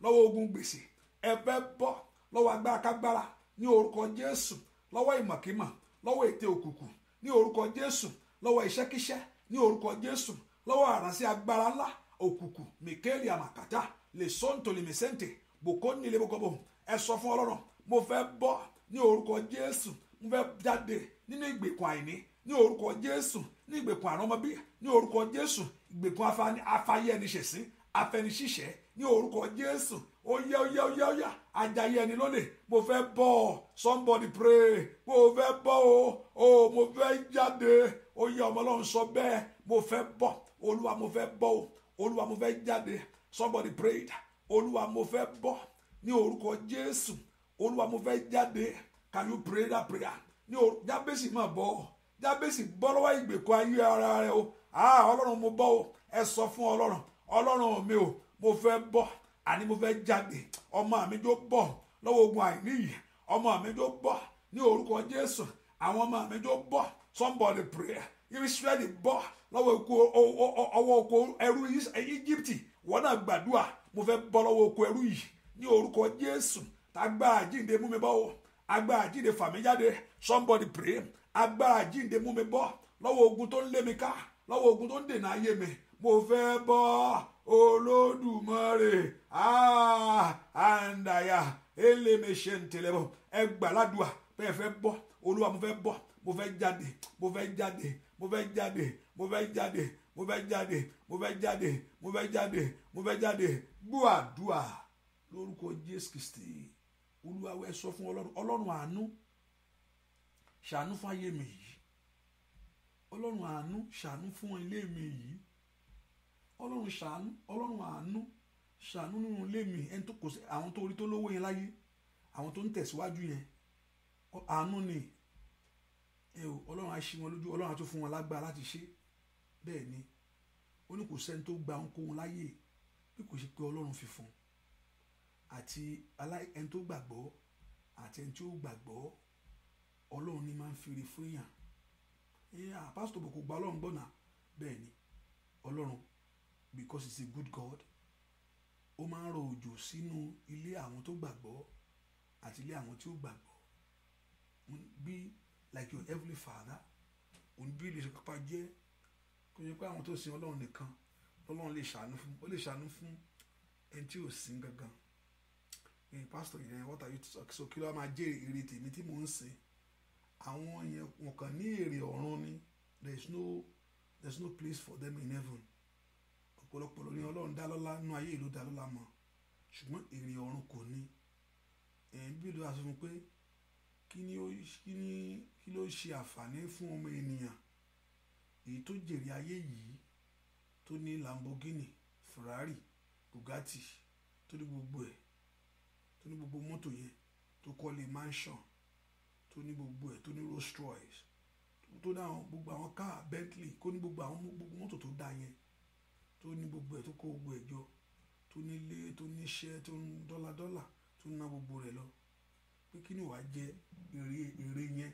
lọ́wọ́ ogun gbèsè ẹ fẹ́ bọ́ lọ́wọ́ agbárakágbára ní orúkọ jésù lọ́wọ́ ìmọ̀kímọ̀ lọ́wọ́ ète òkùnkùn ní orúkọ jésù lọ́wọ́ iṣẹ́kíṣẹ́ ní orúkọ jésù lọ́wọ́ àránṣẹ́ agbára ńlá òkùnkùn mikaeli amakata lè sọ́ǹtòlè mẹ́sẹ̀ǹtè bòkóní ilé gbogbo ẹ sọ fún ọlọ́run mo fẹ́ bọ́ ní orúkọ jésù mo fẹ́ jáde nínú ìgbèkùn àìní ní orúkọ jésù ní ìgbèkùn àrọ́mọbí ní orúkọ jésù ìgbèkùn afayẹniṣẹ̀sí afẹniṣiṣẹ́ ní orúkọ jésù oyá oyá oyá oyá ajayi ẹni lónìí mo fẹ́ bọ́ somebody pray mo fẹ́ bọ́ o o mo fẹ́ jáde ó yẹ ọmọ ọlọ́run sọ bẹ́ẹ̀ mo fẹ́ bọ̀ olúwa mo fẹ́ bọ̀ o olúwa mo fẹ́ jáde somebody prayed olúwa mo fẹ́ bọ̀ ní orúkọ jésù olúwa mo fẹ́ jáde can you pray that prayer ní orúkọ jábèsì máa bọ̀ jábèsì bọ́ lọ́wọ́ ìgbèkùn ayé ara rẹ o ah ọlọ́run mo bọ̀ o ẹ sọ fún ọlọ́run ọlọ́run mi o mo fẹ́ bọ̀ àní mo fẹ́ jáde ọmọ mi jó bọ̀ lọ́wọ́ ogun àìníyì ọmọ mi jó bọ̀ ní orúkọ jésù àwọn ọmọ mi jó bọ̀ somebody pray israeli bọ́ lọ́wọ́ oko ọwọ́ oko ẹrú egypt wọ́n náà gbàdúrà mo fẹ́ bọ́ lọ́wọ́ oko ẹrú yìí ní orúkọ jésù agbára àjíǹde mú mi bọ́ o agbára àjíǹde fà mí jáde somebody pray agbára àjíǹde mú mi bọ́ lọ́wọ́ ogun tó ń lé mi ká lọ́wọ́ ogun tó ń dènà ayé mi mo fẹ́ bọ́ olódùmarè ah, àǹdàyà elémèṣẹ́ ntẹ̀lẹ́bọ̀ ẹgbàá ládùá bẹ́ẹ̀ fẹ́ bọ́ olúwa mo fẹ́ bọ́ mo fẹ́ jáde mo fẹ́ jáde mo fẹ́ jáde mo fẹ́ jáde mo fẹ́ jáde mo fẹ́ jáde mo fẹ́ jáde mo fẹ́ jáde gbọ́ àdúà lórúkọ Jésù Kristi Olúwa wá sọ fún Ọlọ́run Ọlọ́run àánú ṣàánú fún ayé mi yìí Ọlọ́run àánú ṣàánú fún ilé mi yìí Ọlọ́run ṣàánú Ọlọ́run àánú ṣàánú nínú ilé mi ẹni tó kò sí àwọn tó rí tó lówó yẹn láyé àwọn tó ń tẹ̀síwájú yẹn àánú ni ẹ o ọlọ́run á ṣí wọn lójú ọlọ́run á tún fún wọn lágbára láti ṣe bẹ́ẹ̀ ni ó ní kò sẹ́ni tó gba ohunkóhun láyè bí kò ṣe pé ọlọ́run fi fún un àti ẹni tó gbàgbọ́ àti ẹni tí ó gbàgbọ́ ọlọ́run ni máa ń fèrè fún èèyàn ẹ̀yà pásítọ̀ bò kò gba ọlọ́run gbọ́nà bẹ́ẹ̀ ni ọlọ́run because he's a good God ó máa ń rọ òjò sínú ilé àwọn tó gbàgbọ́ àti ilé àwọn tí ó gbàgbọ́ bí like your heavenly father òun bí ilé ìṣèkápá jẹ́ kó jẹ́ pé àwọn tó sin ọlọ́run nìkan ọlọ́run lè ṣàánú fún ó lè ṣàánú fún ẹni tí ò sin gangan ẹ̀yin pásítọ̀ yẹn what are you talking so kí ló máa jẹ́ èrè tèmi tí mò ń sin àwọn yẹn wọn kàn ní èrè ọ̀run ni there is no there is no place for them in heaven ọ̀pọ̀lọpọ̀ lórí ọlọ́run dá lọ́lá nínú ayé ìlú dá lọ́lá mọ́ ṣùgbọ́n èrè ọ̀run kò ní ẹ̀yin bí ló wá fún pé kí ni kí ló ṣe àǹfààní fún ọmọ ènìyàn èyí tó jèrè ayé yìí tó ní Lamborghini Ferrari Bugatti tó ní gbogbo ẹ̀ tó ní gbogbo mọ́tò yẹn tó kọ́lé mansion tó ní gbogbo ẹ̀ tó ní Rolls Royce tó ní àwọn gbogbo àwọn káà Bentley kó ní gbogbo àwọn gbogbo mọ́tò tó dá yẹn tó ní gbogbo ẹ̀ tó kó gbogbo ẹ̀ jọ tó ní ilé tó ní iṣẹ́ tó ń dọ́là dọ́là tó ń ná gbogbo rẹ̀ lọ pé kí ni wàá jẹ èrè èrè yẹn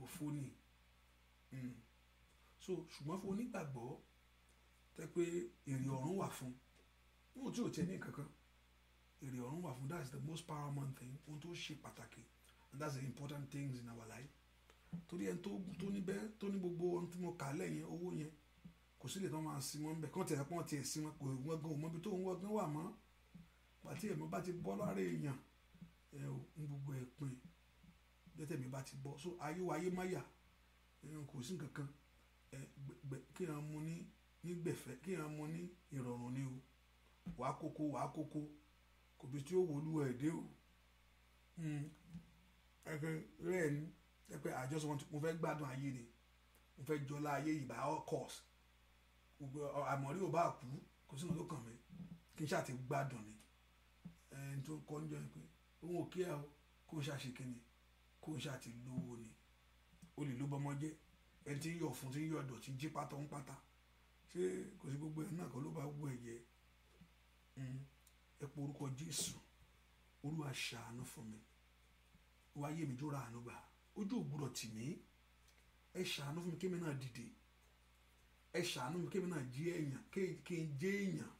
òfo ni hmm. so ṣùgbọ́n fún onígbàgbọ́ tẹ́ pé èrè ọ̀run wà fún wọn ò tí ò tiẹ̀ ní kankan èrè ọ̀run wà fún is the most paramount thing ohun tó ṣe pàtàkì and that's the important things in our life torí ẹni tó ní bẹ́ẹ̀ tó ní gbogbo ohun tí mo kà á lẹ́yìn owó yẹn kò sílẹ̀ tó máa sin wọn bẹ̀ kàn tẹ̀ pọ́n tiẹ̀ sin wọn kò wọ́n gan òmọ́bi tó ń wọ́gán wà mọ́ pàtí ẹ̀mọ́ bá ti bọ́ lára èèyàn ẹ̀ ń gbogbo ẹ̀ pin dẹ́tẹ̀mí bá ti bọ́ so ayé wa ayé má yà kò sí nǹkan kan kí n mú ní nígbẹ̀fẹ́ kí n mú ní ìrọ̀rùn ni o wàá kókó wàá kókó kò bí tí ó wọlú ẹ̀ dé o hmm. ẹgbẹ́ rẹ̀ ni ẹgbẹ́ àjọsọ wọn mo fẹ́ gbádùn ayé ni mo fẹ́ jọlá ayé yìí by all cost àmọ̀rí ò bá kú kò sí nǹkan tó kàn mí kí n ṣáà gbádùn ni ẹni tó kọ́ ń jọ ẹ pé òun ò kí ẹ o kó n ṣàṣekínni kó n ṣáà ti lówó ni olè ló bọmọ jẹ ẹni tí ń yọ ọ̀fun tí ń yọ ọ̀dọ̀ tí ń jí pátá ń pátá ṣé kò sí gbogbo ẹ̀ náà kọ́ ló bá wù ẹ̀ yẹ ẹ hmm. pọ orúkọ Jésù Olúwa ṣàánú fún mi wá yé mi jóra àánú gbà ojú ògbúrọ̀ tì mí ẹ ṣàánú fún mi kémi náà dìde ẹ ṣàánú fún mi kémi náà jí èèyàn kí n jẹ èèyàn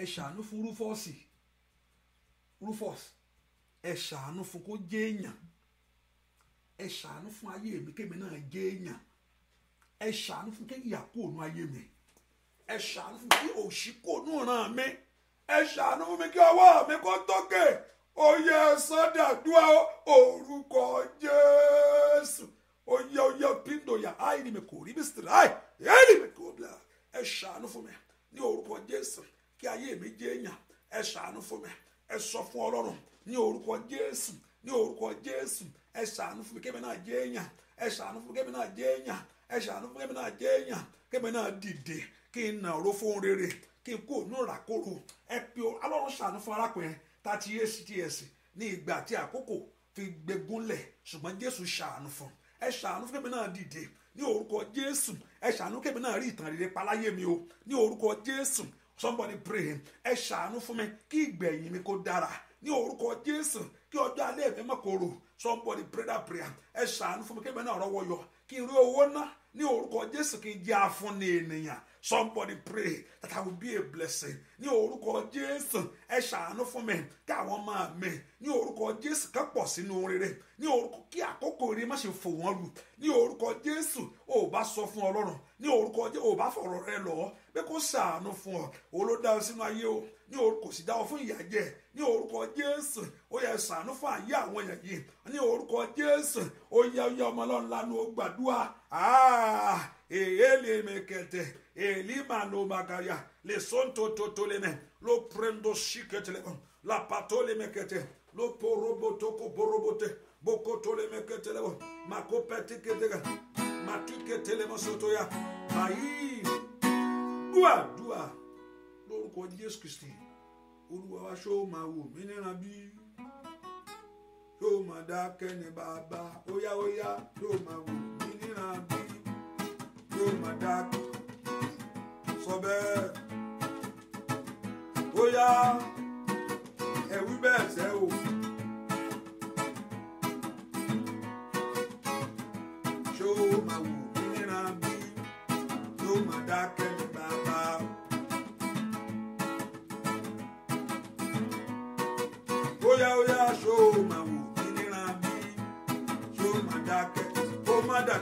ẹ ṣàánú fún Rúfọ́ọ̀sì Rúfọ́ọ̀sì ẹ ṣàánú fún kó jẹ́ èèyàn ẹ ṣàánú fún ayé mi kémi náà jẹ́ èèyàn ẹ ṣàánú fún kí ìyà kó nu ayé mi ẹ ṣàánú fún kí òṣì kó nu ràn mí ẹ ṣàánú fún mi kí ọwọ́ mi kó tókè ó yẹ sọdàdúrà orúkọ Jésù ó yẹ ó áì ni mi kò rí bísítìrì áì áì ni mi kò bla ẹ ṣàánú fún mi ní orúkọ Jésù kí ayé mi jẹ́ èèyàn ẹ ṣàánú fún mi ẹ sọ fún Ọlọ́run ní orúkọ jésù ní orúkọ jésù ẹ ṣàánú fún mi kébì náà jẹ́ èèyàn ẹ ṣàánú fún mi kébì náà jẹ́ èèyàn ẹ ṣàánú fún mi kébì náà jẹ́ èèyàn kébì náà dìde kí n nà oró fún rere kí n kó òun rà kóró ẹ pe ọlọ́run ṣàánú fún arákùnrin tàti hts ní ìgbà àti àkókò fi gbégúnlẹ̀ ṣùgbọ́n jésù ṣàánú fún ẹ ṣàánú fún kébì náà dìde ní orúkọ jésù ẹ ṣàánú kébì náà rí ìtàn rere paláyé mi o ní orúkọ jésù somebody pray ẹ ṣàánú fún mi kí ìgbẹ̀yìn mi kó dára ní orúkọ jésù kí ọjọ́ alẹ́ mi má korò somebody pray that prayer ẹ ṣàánú fún mi kí èmi náà rọ́wọ́ yọ kí n rí owó ná ní orúkọ jésù kí n jẹ́ afúnni ènìyàn somebody pray that I will be a blessing ní orúkọ jésù ẹ ṣàánú fún mi kí àwọn ọmọ mi ní orúkọ jésù kan pọ̀ sínú rere ní orúkọ kí àkókò rere má ṣe fò wọ́n lù ní orúkọ jésù ò bá sọ fún ọlọ́run ní orúkọ jésù ò bá fọ̀rọ̀ rẹ lọ pé kó ṣàánú fún ọ olódà sínú ayé o ní orúkọ sì dáwọ́ fún ìyà jẹ ní orúkọ jésù ó yẹ sànú fún àyè àwọn èèyàn yìí ní orúkọ jésù ó yẹ ó yẹ ọmọ ọlọ́run lánàá ó gbàdúrà ah, èyí lè mẹkẹtẹ èyí máa lo magaya lè sọ́ńtótótó lẹ́mẹ̀ ló prendo síkẹtẹ lẹ́mọ̀ làpàtó lẹ́mẹkẹtẹ ló poroboto kó porobote bokoto lẹ́mẹkẹtẹ lẹ́mọ̀ màkó pẹ́tíkẹtẹ màtíkẹtẹ lẹ́mọ̀ sọ́tọ̀ yá báyìí dùà orúkọ jésù kristi olúwa wa ṣó máa wò mí níran bí ṣó máa dákẹ́ ní bàbá óyá óyá ṣó máa wò mí níran bí ṣó máa dákẹ́ sọ bẹ́ẹ̀ óyá ẹ̀wí bẹ́ẹ̀ sẹ́ o. ṣó máa wò mí níran bí ṣó máa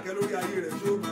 que no voy a ir, suma.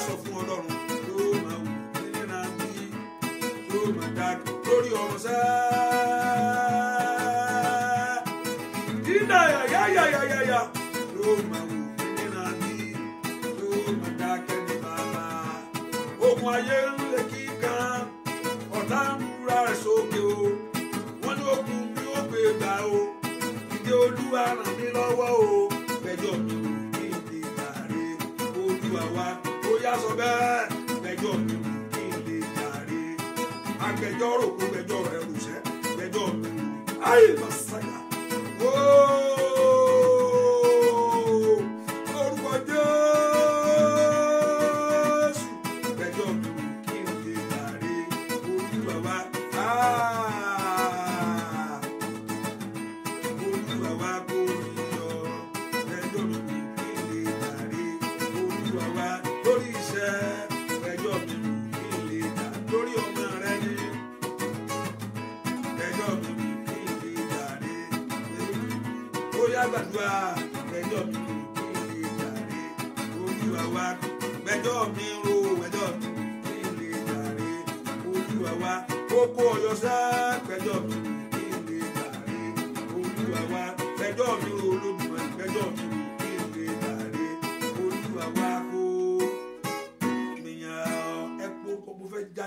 I'm a fool. your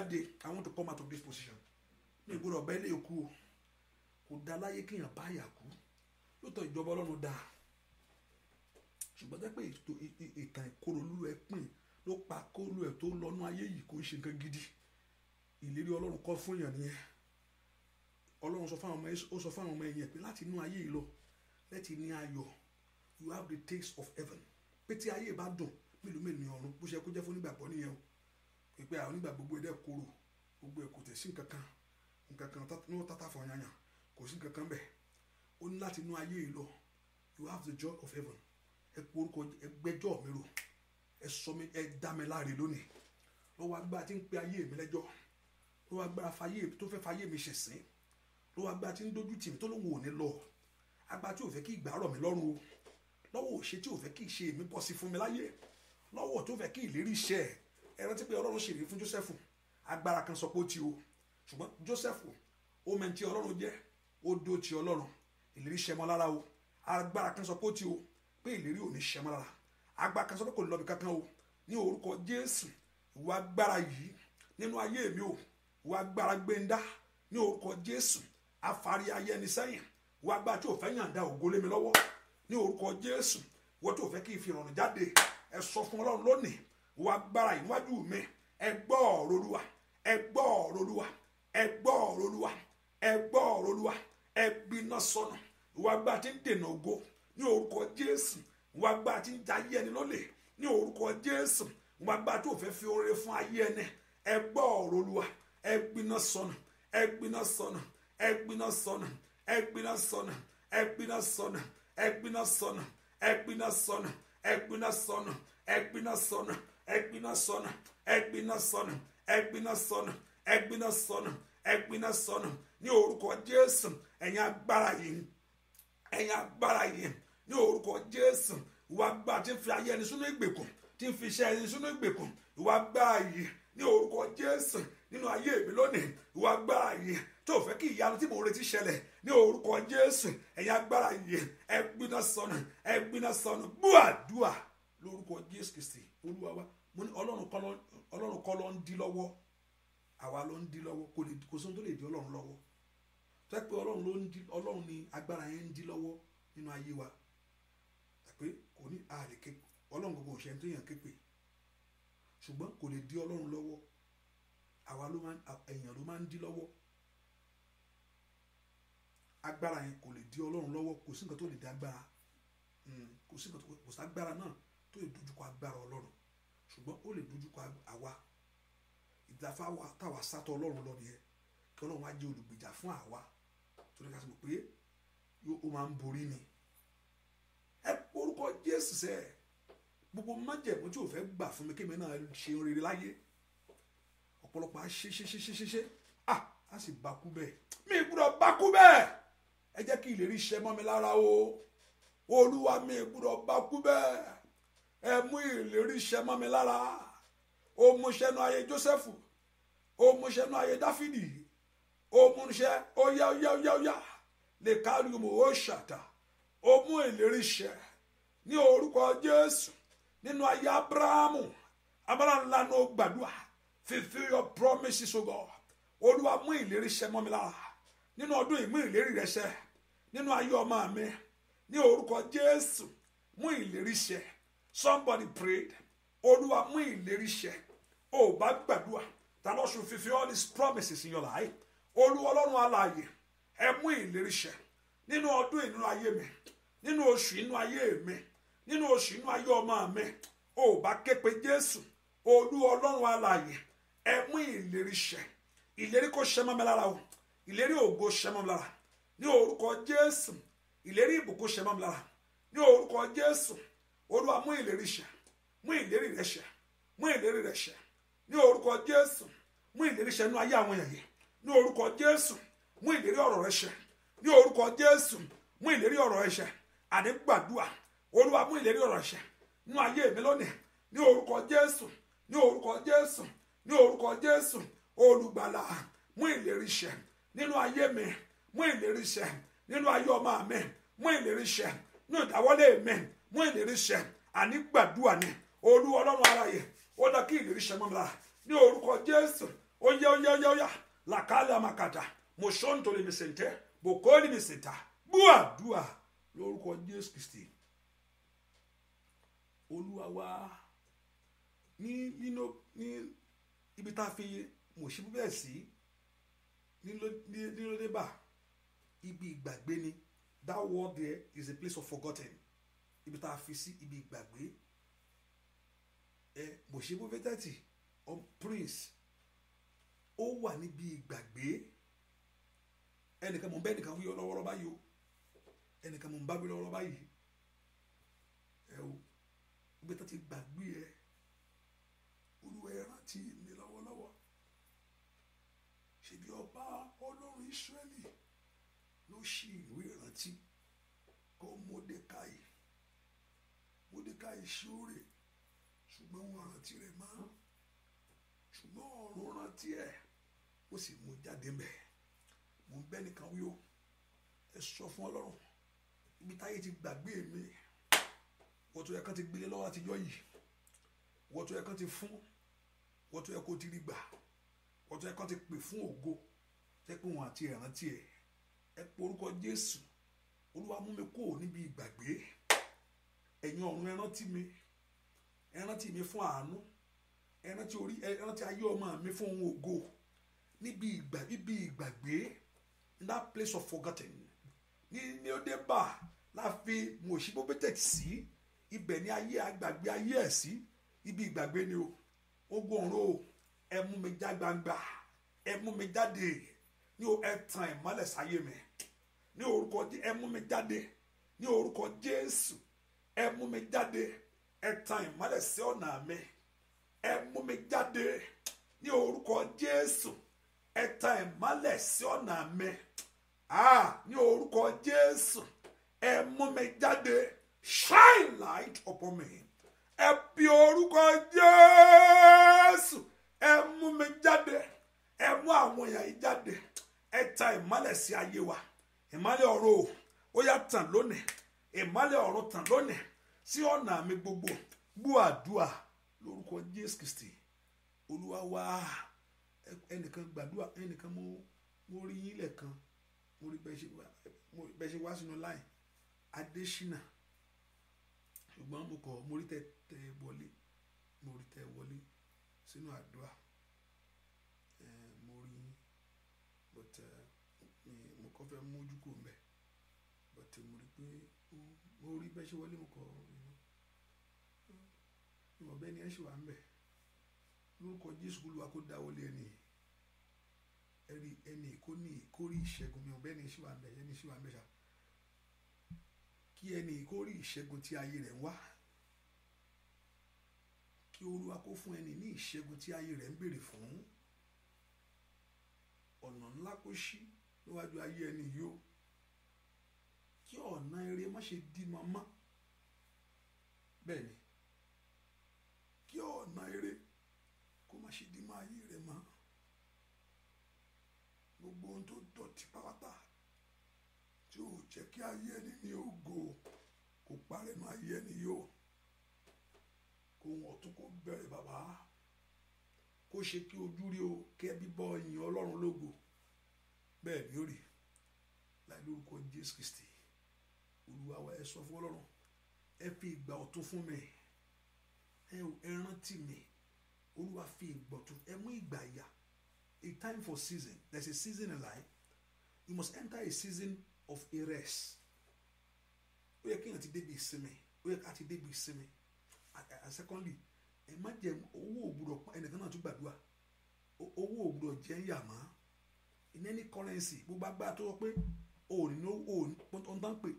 that day i want to come out of this position mi gbọ́dọ̀ ọ̀bẹ ilé ikú o kò da láyé kéèyàn bá yà kú lóòótọ́ ìjọba ọlọ́run dáa ṣùgbọ́n jẹ́ pé ìtàn ìkorolú ẹ pín ló pa kólú ẹ tó lọ́nú ayé yìí kò ń ṣe nǹkan gidi ìlérí ọlọ́run kọ́ fún èèyàn nìyẹn ọlọ́run sọ fáwọn ọmọ ó sọ fáwọn ọmọ èèyàn pé láti inú ayé yìí lọ lẹ́tì ní ayọ̀ you have the taste of heaven pé tí ayé bá dùn mélòó mélòó ọ̀run bó ṣe kó jẹ́ fún nígbàgbọ́ nìyẹn o pípẹ́ àwọn onígbà gbogbo ẹ̀dẹ́ kúrò gbogbo ẹ̀ kò tẹ̀ sí nǹkan kan ní wọ́n tata fọ̀ yanyan kò sí nǹkan kan ó ní láti inú ayé yìí lọ you have the joy of heaven ẹ kú orúkọ ẹ gbẹ́jọ́ mi rò ẹ sọ mi ẹ dá mi láre lónìí lọ́wọ́ agbára tí ń pe ayé mi lẹ́jọ́ lọ́wọ́ agbára fayé tó fẹ́ fayé mi ṣẹ̀sín lọ́wọ́ agbára tí ń dojú tì mí tó lóun ò ní lọ agbára tí ò fẹ́ kí ìgbà rọ̀ lọ́rùn o lọ́wọ́ òṣè tí ò fẹ́ kí ìṣe mi pọ̀ sí fún mi láyé lọ́wọ́ tó fẹ́ kí ìlérí iṣẹ́ ẹ rántí pé ọlọ́run ṣèlérí fún Jósẹ́fù agbára kan sọ pé ó ti o ṣùgbọ́n Jósẹ́fù ó mẹ́ni ọlọ́run jẹ́ ó dó ti ọlọ́run ìlérí ṣẹmọ lára o agbára kan sọ pé ó ti o pé ìlérí ò ní ṣẹmọ lára agbára kan sọ pé kò lọ́bi kankan o ní orúkọ Jésù ìwà agbára yìí nínú ayé mi o ìwà agbára gbẹ̀ndá ní orúkọ Jésù afárí ayé ẹni sẹ́yìn ìwà agbára tí ò fẹ́ yàn dá ògo lé mi lọ́wọ́ ní orúkọ Jésù wọ́n tó fẹ́ kí ìfihàn jáde ẹ sọ fún ọlọ́run lónìí wà gbára ìwájú mi ẹ gbọ́ ọ̀rọ̀ olúwa ẹ gbọ́ ọ̀rọ̀ ẹ gbọ́ sọnù wà gbá tí ń dènà ògo ní orúkọ jésù wà gbá tí ń ta ayé ẹni lọ́lẹ̀ ní orúkọ jésù gbá tó ẹ gbiná sọnù ẹ gbiná sọnù ẹ gbiná sọnù ẹ gbiná sọnù ẹ gbiná sọnù ní orúkọ jésù ẹ̀yin agbára yìí ẹ̀yin agbára yìí ní orúkọ jésù ìwà gbà tí ń fi ayé ẹni sínú ìgbèkùn tí ń fi iṣẹ́ ẹni sínú ìgbèkùn ìwà gbà yìí ní orúkọ jésù nínú ayé mi lónìí ìwà agbára yìí tó fẹ́ kí ìyanu tí mo retí ṣẹlẹ̀ ní orúkọ jésù ẹ̀yin agbára yìí ẹ gbiná sọnù ẹ gbiná lórúkọ jésù kìsì olúwa wa mo ní ọlọ́run kọ́ ló ń dí lọ́wọ́ àwa ló ń dí lọ́wọ́ kò lè kò sóhun tó lè dí ọlọ́run lọ́wọ́ tó pé ọlọ́run ló ń dí ọlọ́run ni agbára yẹn ń dí lọ́wọ́ nínú ayé wa pé kò ní àlè ké ọlọ́run gbogbo òṣèlú tó yàn képe ṣùgbọ́n kò lè dí ọlọ́run lọ́wọ́ àwa ló máa èèyàn ló máa ń dí lọ́wọ́ agbára yẹn kò lè dí ọlọ́run lọ́wọ́ kò sí nǹkan tó lè dí agbára hmm, kò sí nǹkan tó kò sí agbára náà tó lè dojúkọ agbára ọlọ́run ṣùgbọ́n ó lè dojúkọ àwa ìdáfà wa táwa sátọ̀ ọlọ́run lọ nìyẹn kí ọlọ́run á jẹ́ olùgbèjà fún àwa torí ká sì mọ̀ pé ó máa ń borí ni ẹ orúkọ jésù sẹ́ ẹ̀ gbogbo májẹ̀mú tí ò fẹ́ gbà fún mi kémi náà ṣe rere láyé ọ̀pọ̀lọpọ̀ á ṣe ṣe ṣe ṣe ṣe ṣe à á sì bakú bẹ́ẹ̀ mi gbúdọ̀ bakú bẹ́ẹ̀ ẹ jẹ́ kí ìlérí ṣẹ mọ́ mi lára o olúwa mi gbúdọ̀ bakú bẹ́ẹ̀ ẹ mú ìlérí ṣẹ mọ́ mi lára ó mú ṣẹnu ayé Jósẹ́fù ó mú ṣẹnu ayé Dáfídì ó mú ṣẹ ó yá ó yá ó yá ó yá lè kárí mu ó ṣàtà ó mú ìlérí ṣẹ ní orúkọ Jésù nínú ayé Abrahamu Abrahamu lanu gbàdúrà fulfil your promises o God Olúwa mú ìlérí ṣẹ mọ́ mi lára nínú ọdún yìí mú ìlérí rẹ ṣẹ nínú ayé ọmọ mi ní orúkọ Jésù mú ìlérí ṣẹ somebody prayed olúwa mú ìlérí ṣẹ ò bá gbàdúrà ta ló ṣùn fífi all his promises in your life olúwa ọlọ́run alààyè ẹ mú ìlérí ṣẹ nínú ọdún inú ayé mi nínú oṣù inú ayé mi nínú oṣù inú ayé ọmọ mi ò bá ké pe jésù olúwa ọlọ́run alààyè ẹ mú ìlérí ṣẹ ìlérí kò ṣẹ mọ́ mi lára o ìlérí ògo ṣẹ mọ́ mi lára ní orúkọ jésù ìlérí ìbùkún ṣẹ mọ́ mi lára ní orúkọ jésù olúwa mú ìlérí ṣẹ mú ìlérí rẹ ṣẹ mú ìlérí rẹ ṣẹ ní orúkọ jésù mú ìlérí ṣẹ ní ayé àwọn èèyàn ní orúkọ jésù mú ìlérí ọ̀rọ̀ rẹ oruko ní orúkọ jésù mú ìlérí ọ̀rọ̀ rẹ ṣẹ àní gbàdúà olúwa mú ìlérí ọ̀rọ̀ rẹ ṣẹ nínú ayé mi lónìí ní orúkọ jésù ní orúkọ jésù ní orúkọ jésù olùgbàlà mú ìlérí nínú ayé mi mú ìlérí nínú ayé ọmọ mi mú ìlérí mú ìlérí ṣẹ àní gbàdúrà ni olú ọlọ́run ara yẹ ó dá kí ìlérí ṣẹ mọ́mọ́ra ní orúkọ jésù ó yá ó yá ó yá ó yá làkàlà màkàtà mọ̀ṣọ́ntò lè mi sèǹtẹ́ bòkó lè mi sèǹtà gbúàdúà lórúkọ jésù kristi olúwa wa ní nínú ní ibi tá a fi mọ̀ṣíbú bẹ́ẹ̀ sí nílódébà ibi ìgbàgbé ni that word there is a place of forgotten ibi tá a fi sí ibi ìgbàgbé ẹ bòṣebó vétẹ́tì ọ prince ó wà níbi ìgbàgbé ẹnìkan mò ń bẹ́ ẹnìkan wíyọ lọ́wọ́lọ́ báyìí o ẹnìkan mò ń bá wí lọ́wọ́lọ́ báyìí ẹ o ibi tá ti gbàgbé ẹ olúwa ẹ rántí mi lọ́wọ́lọ́wọ́ ṣèbí ọba ọlọ́run Ísírẹ́lì ló ṣí ìwé ìrántí kó Módékáì ká ìṣúre ṣùgbọ́n wọn rántí rẹ̀ mọ́ ṣùgbọ́n ọ̀run rántí ẹ̀ ó sì mú jáde mbẹ̀ mò ń bẹ́ nìkan wí ẹ sọ fún ọlọ́run ibi táyé ti gbàgbé mi wọ́n tó yẹ kán ti gbélé lọ́wọ́ àtijọ́ yìí wọ́n tó yẹ kán ti fún wọ́n tó yẹ kó ti rí gbà wọ́n tó yẹ kán ti pè fún ògo tẹ́ àti ẹ̀rántí ẹ̀ ẹ pe orúkọ jésù olúwa mú mi kó níbi ìgbàgbé ẹ̀yin ọ̀run ẹ rántí mi ẹ rántí mi fún àánú ẹ rántí orí ẹ rántí ayé ọmọ mi fún ohun ògo níbi ìgbà bíbí ìgbàgbé in that place of forgotten ní ní ó dé bá la fi mòṣíbóbétẹ̀ sí ibẹ̀ ní ayé àgbàgbé ayé ẹ̀ sí ibi ìgbàgbé ni o ogun ọ̀run o ẹ mú mi já gbangba ẹ mú mi jáde ní o ẹ tan ìmọ́lẹ̀ sáyé mi ní orúkọ ẹ mú mi jáde ní orúkọ Jésù Emumejade, eta mi jáde ẹ tan ìmọ́lẹ̀ sí ọ̀nà mi ẹ mú mi jáde ní orúkọ Jésù ẹ ah ní orúkọ Jésù shine light upon me ẹ bí orúkọ Jésù emu mú ya jáde eta mú àwọn èèyàn yìí jáde ẹ tan ìmọ́lẹ̀ wa ó lónìí. ìmọ́lẹ̀ ọ̀run tàn lónìí sí ọ̀nà mi gbogbo gbọ́ àdúà lórúkọ Jésù Kristi Olúwa wa ẹnìkan gbàdúà ẹnìkan mo rí yín lẹ́ẹ̀kan mo rí bẹ́ẹ̀ ṣe wá sínú láì Adésínà ṣùgbọ́n mo kọ̀ mo rí tẹ tẹ wọlé mo rí tẹ wọlé sínú àdúà mo rí yín but mo kọ́ fẹ́ mójú kò mẹ́ but mo rí pé mo rí bẹ́ẹ̀ ṣe wọlé mo kọ ìmọ̀ bẹ́ẹ̀ ni ẹ̀ ṣì wà ń bẹ̀ lórúkọ Jésù Olúwa kó dáwọ́ lé ẹni ẹni ẹni kó ní kó ìṣẹ́gun mi ò bẹ́ẹ̀ ni ṣì wà ń bẹ̀ ẹni ṣì wà ń bẹ̀ ṣá kí ẹni kó ìṣẹ́gun tí ayé rẹ̀ ń wá kí Olúwa kó fún ẹni ní ìṣẹ́gun tí ayé rẹ̀ ń béèrè fún ọ̀nà ńlá kó ṣí níwájú ayé ẹni yìí kí ọ̀nà eré má ṣe dí mọ́ mọ́ bẹ́ẹ̀ ni kí ọ̀nà eré kó má ṣe dí mọ́ ayé rẹ mọ́ gbogbo ohun tó dọ̀tí pátá tí ò jẹ́ kí ayé ẹni ní ògo kò parẹ́ nu ayé ẹni yóò kó wọn tún kó bẹ̀rẹ̀ bàbá kó ṣe kí ojú rí o kẹ́ bíbọ́ ìyìn ọlọ́run lógo bẹ́ẹ̀ ni ó rí láì Jésù Kristi olúwa wa ẹ sọ fún ọlọ́run ẹ fi ìgbà ọ̀tun fún mi ẹ rántí mi olúwa fi ìgbà ọ̀tun ẹ mú ìgbà yà a time for season there is a season in life you must enter a season of a rest ó yẹ kí èèyàn ti débi ìsinmi ó yẹ ká ti débi ìsinmi and secondly ẹ má jẹ owó ògbúdọ̀ ẹnìkan náà tún gbàdúrà owó ògbúdọ̀ jẹ́ ń yà má in any currency gbogbo agbára tó sọ pé òní òní ohun ń pè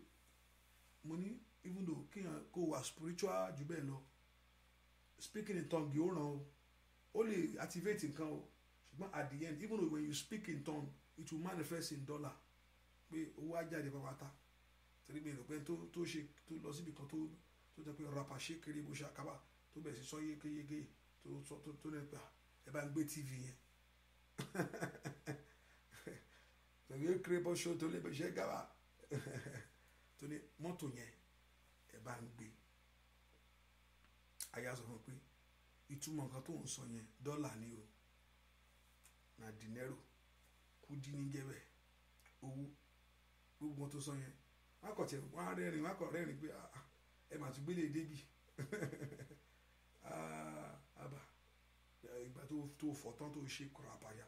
mo ní even though kéèyàn kó wà spiritual jù bẹ́ẹ̀ lọ speaking in tongue yóò ràn o ó lè activate nǹkan o ṣùgbọ́n at the end even though when you speak in tongue it will manifest in dollar pé owó á jáde pàpàtà torí mi rò pé tó tó ṣe tó lọ síbi kan tó tó jẹ pé rapa ṣe kiri bó ṣe àkábà tó bẹ̀ sí sọ yékéyéké tó sọ tó tó lẹ́pẹ́ ah, ẹ bá ń gbé tv yẹn tòun yóò kiri bó ṣe tó lè bẹ̀ ṣe gàba. tó ní mọ́tò yẹn ẹ bá ń gbé aya sọ fún pé ìtumọ̀ nǹkan ni o na dinero kudi ní jẹ́bẹ̀ owó gbogbo wọn tó sọ yẹn wọn akọ̀ tẹ̀ wọn rẹ́rìn wọn akọ̀ rẹ́rìn pé ah, ah, ẹ mà tún gbélé débì to ah, ìgbà tó fọ̀ tán tó ṣe kọ̀rọ̀ àbáyà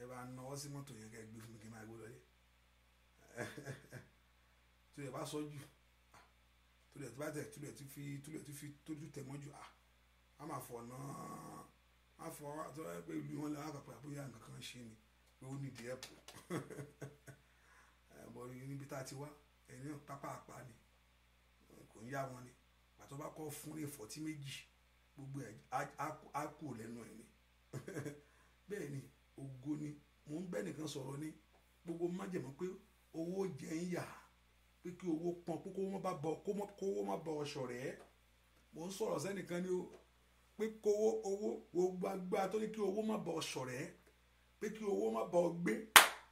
ẹ bá náwó sí mọ́tò yẹn gbé fún mi tó yẹ bá sọ jù tó yẹ tó bá tẹ tó yẹ fi tó yẹ tó fi tó tẹ mọ́ jù ah, a máa fọ̀ náà a fọ̀ tó yẹ pé ìlú wọn lè wá kàpẹ́ àbóyá nǹkan kan ṣe ni pé ó nídìí ẹ̀pù ẹ̀bọ̀ níbi tá a ti wá ẹni pápá àpá ni kò ń yá wọn ni pàtó bá kọ́ fún ìfọ̀ tí méjì gbogbo ẹ̀ á kù lẹ́nu ẹ̀ ni bẹ́ẹ̀ ni ògo ni mò ń bẹ́ nìkan sọ̀rọ̀ ni gbogbo májèmọ́ pé owó jẹ ń yà pé kí owó pọn pé kówó má bọ kówó má bọ ọ̀ṣọ̀rẹ́ mò ń sọ̀rọ̀ sẹ́nìkan ni ó pé kówó owó gbogbo agbára tó ní kí owó má bọ ọ̀ṣọ̀rẹ́ pé kí owó má bọ gbé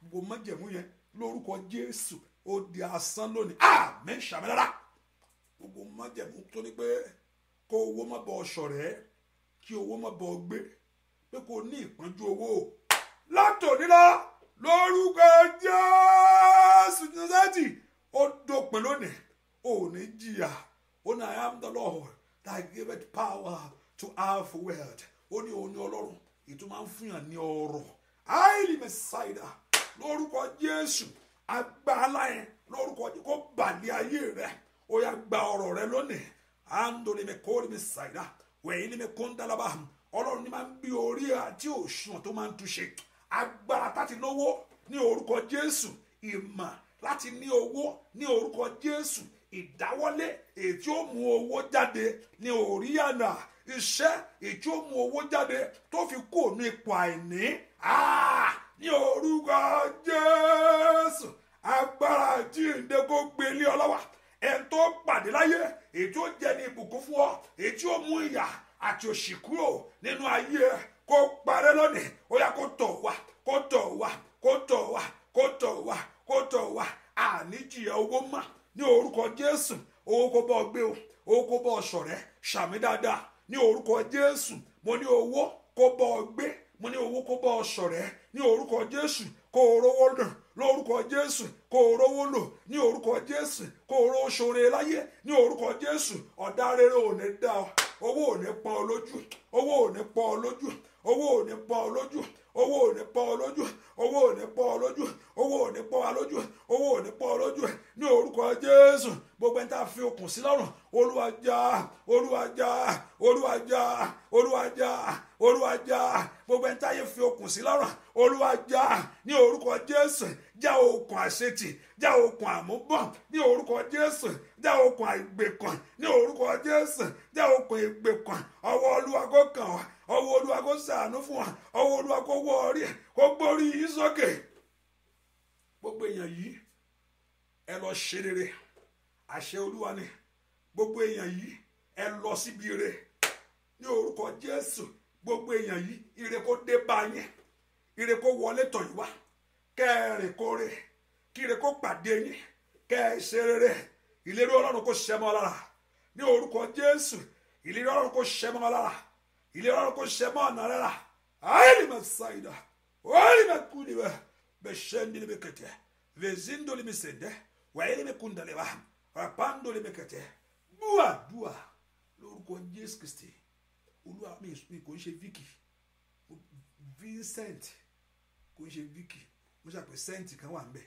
gbogbo májẹ̀mú yẹn lórúkọ Jésù ó di asán lónìí àmín ṣàmì rárá gbogbo májẹ̀mú tó ní pé kó owó má bọ ọ̀ṣọ̀rẹ́ kí owó má bọ gbé pé kò ní ìpọ́njú owó látòní lórúkọ jésù nazati ó dópin lónìí ò ní jìyà ó ní i am the lord that it power to half wealth ó ní òun ní ọlọ́run ètò máa ń fún yàn ní ọrọ̀ àìlì mẹ́sàáìdà lórúkọ jésù agbára yẹn lórúkọ jésù kó bàlẹ́ ayé rẹ ó yà gba ọ̀rọ̀ rẹ lónìí andoni mẹ́kọ́ọ́lì mẹ́sàáìdà wẹ̀yìn ní mẹ́kọ́ńdàlábà ọlọ́run ni máa ń bí orí àti òṣùwọ̀n tó máa ń túṣe agbára láti lówó ní orúkọ jésù ìmọ̀ láti ní owó ní orúkọ jésù ìdáwọ́lé èyí tí ó mú owó jáde ní orí àná iṣẹ́ èyí tí ó mú owó jáde tó fi kó ní ipò àìní ní orúkọ jésù agbára jíǹde kó gbélé ọlọ́wà ẹni tó pàdé láyé èyí ó jẹ ní ìbùkún fún ọ èyí ó mú ìyà àti òṣì kúrò nínú ayé ẹ kó parẹ́ lónìí ó yá kó tọ̀ wá kó tọ̀ wá kó tọ̀ wá kó tọ̀ wá kó tọ̀ wá àníjìyà owó mọ́ ní orúkọ jésù owó kó bọ́ gbé o owó kó bọ́ ṣọ̀rẹ́ sàmì dáadáa ní orúkọ jésù mo ní owó kó bọ́ gbé mo ní owó kó bọ́ ní orúkọ jésù o rówó lórúkọ jésù kó o rówó lò ní orúkọ jésù o rówó owó ò ní pọ́ ọ lójú owó ò ní pọ́ ọ lójú owó ò ní pọ́ ọ lójú owó ò ní pọ́ wa lójú owó ò ní pọ́ lójú ní orúkọ jésù gbogbo ẹni tá a fi okùn sí lọ́rùn olúwa jà olúwa jà olúwa jà gbogbo ẹni tá a yẹ fi okùn sí lọ́rùn olúwa jà ní orúkọ jésù já okùn àṣetì já okùn àmúbọ̀ ní orúkọ jésù já okùn àgbèkàn ní orúkọ jésù já okùn ìgbèkàn ọwọ́ olúwa kó kàn wá ọwọ́ olúwa kó ṣàánú fún wa ọwọ́ olúwa kó wọ́ orí ẹ̀ kó gbórí yìí sókè gbogbo èèyàn yìí ẹ lọ ṣe rere àṣẹ olúwa ni gbogbo èèyàn yìí ẹ lọ síbi ire ní orúkọ jésù gbogbo èèyàn yìí ire kó dé bá ire kó wọlé tọ̀ yín wá kẹrin kóre kí kó pàdé yín kẹ ẹ ṣe rere ìlérí ọlọ́run kó ṣẹ mọ́ lára ní orúkọ jésù ìlérí ọlọ́run kó ṣẹ mọ́ lára ìlera ọkọ ṣẹmọ ọ̀nà rẹ la ayéli ma sáyidà wọ́ọ̀lì ma kú ni bẹ bẹ ṣẹ́ni ni bẹ kẹtẹ vezin doli mi sèndẹ wàyẹlẹ mi kún dalẹ wa rapan doli mi kẹtẹ dùwà dùwà lórúkọ Jésù Kristi olúwa mi kò ń ṣe Vicky Vincent kò ń ṣe Vicky mo ṣàpè sẹ́ǹtì kan wà ń bẹ̀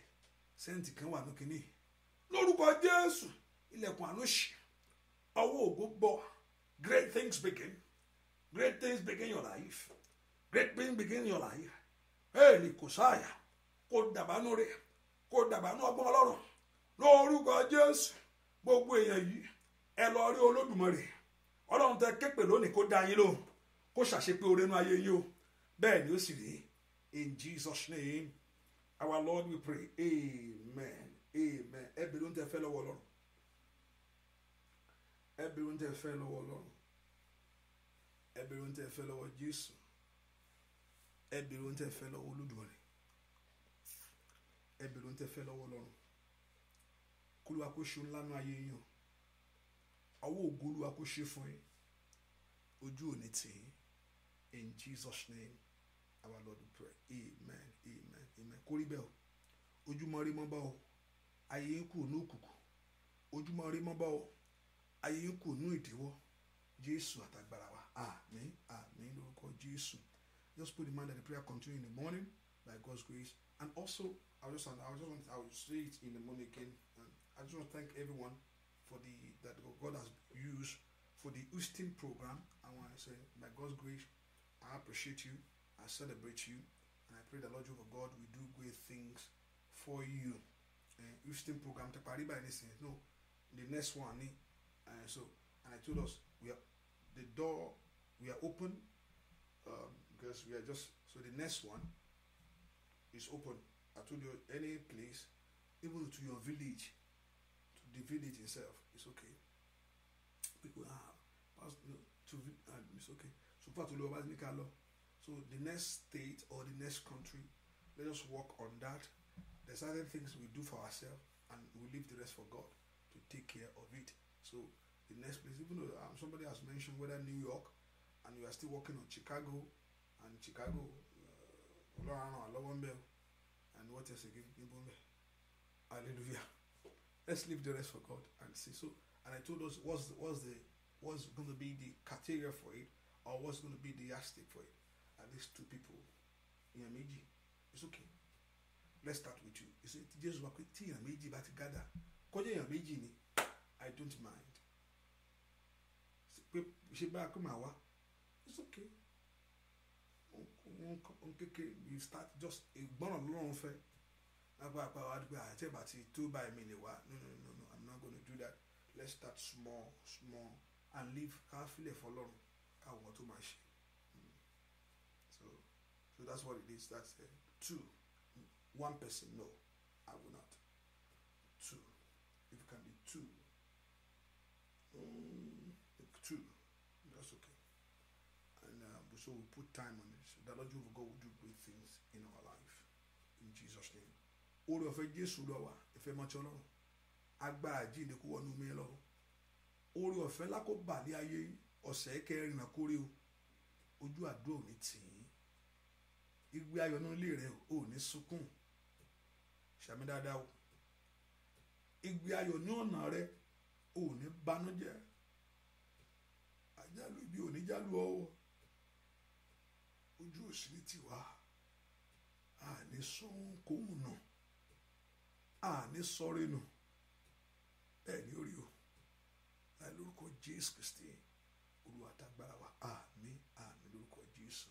sẹ́ǹtì kan wà lókínì lórúkọ Jésù ilẹ̀kùn àánú ṣì ọwọ́ ògo bọ̀ great things begin. Great things begin your life. Great things begin your life. Ẹ ní kò sáàyà kò dàbánú rẹ̀ kò dàbánú ọgbọ́n ọlọ́run lórúkọ Jésù gbogbo èèyàn yìí ẹ lọ rí Olódùmarè ọlọ́run tẹ képe lónìí kó dá yín lóhùn kó ṣàṣepé orénú ayé yín o bẹ́ẹ̀ ni ó sì rí in Jesus name our Lord we pray amen amen ẹ bèrè oúnjẹ fẹ́ lọ́wọ́ ọlọ́run ẹ bèrè oúnjẹ fẹ́ lọ́wọ́ ọlọ́run ẹ bèrè ohun tẹ́ ẹ fẹ́ lọ́wọ́ Jésù ẹ bèrè ohun tẹ́ ẹ fẹ́ lọ́wọ́ Olódùmarè ẹ bèrè ohun tẹ́ ẹ fẹ́ lọ́wọ́ Ọlọ́run kólúwa kó ṣe ńlá in Jesus name our Lord we pray amen amen amen kórí bẹ́ẹ̀ o ojúmọ́ rí mọ́ bá o ayé ń kù ní òkùnkùn ojúmọ́ rí o ayé ń kù ní ìdíwọ́ Jésù wa. Amen. Amen. Lórúkọ Jésù. Just put in mind that the prayer continue in the morning by God's grace. And also, I just, I just want, I will say it in the morning again. And I just want to thank everyone for the that God has used for the Houston program. I want to say, by God's grace, I appreciate you. I celebrate you. And I pray the Lord Jehovah God will do great things for you. Uh, Houston program to parí by this no the next one uh, so and I told us we are the door we are open um, because we are just so the next one is open. I told you any place, even to your village, to the village itself, it's okay. People have ah, to ah, it's okay. So far to So the next state or the next country, let us work on that. There's other things we do for ourselves and we leave the rest for God to take care of it. So the next place, even though um, somebody has mentioned whether New York and we are still working on Chicago and Chicago uh, ọlọ́run ràn wá lọ́wọ́ ń bẹ̀ and what else again níbo ń bẹ̀ hallelujah let's leave the rest for God and see so and I told us what's the, what's the what's going to be the criteria for it or what's going to be the yardstick for it at least two people èèyàn méjì it's okay let's start with you you see Jésù wa pé tí èèyàn méjì bá ti gádà kọjá èèyàn méjì ni I don't mind ṣe bá a kó máa wá it's okay n kékeré you start just ìgbọ́nà lọ́rùn fẹ́ lápapọ̀ àwọn àdúgbò àti ah, ẹ̀bà ti tó báyìí mi lè wá no no no no i'm not gonna do that let's start small small and leave ká filẹ̀ fọlọ́run káwọn tó máa ṣe so so that's what it is that's it eh, two one person no i will not two if it can be two. Mm. So we put time on it The Lord Jehovah God will do great things in our life. In Jesus' name. Orí ọ̀fẹ́ Jésù lọ́wà, ìfẹ́ mọ́tí ọlọ́run. Agbára àjíǹde kó wọnú mi lọ. ọ̀fẹ́ lákó bàlẹ́ ayé kẹrin náà kórè o. Ojú àdúrà mi tì Igbe ayọ̀ ilé rẹ o. Igbe ní ọ̀nà ibi jálù ojú òsì ní tiwa àní sóhunkóhun nù àní sọ̀rẹ́ nù bẹ́ẹ̀ ni ó rí o láì lórúkọ Jésù Kristi Olúwa tágbára wa àmín àmín lórúkọ Jésù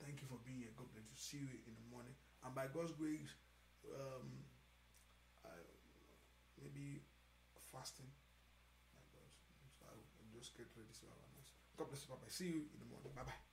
thank you for being here God bless you see you in the morning and by God's grace um, I, maybe fasting my God so I will just get ready so I will announce God bless you bye bye see you in the morning bye bye.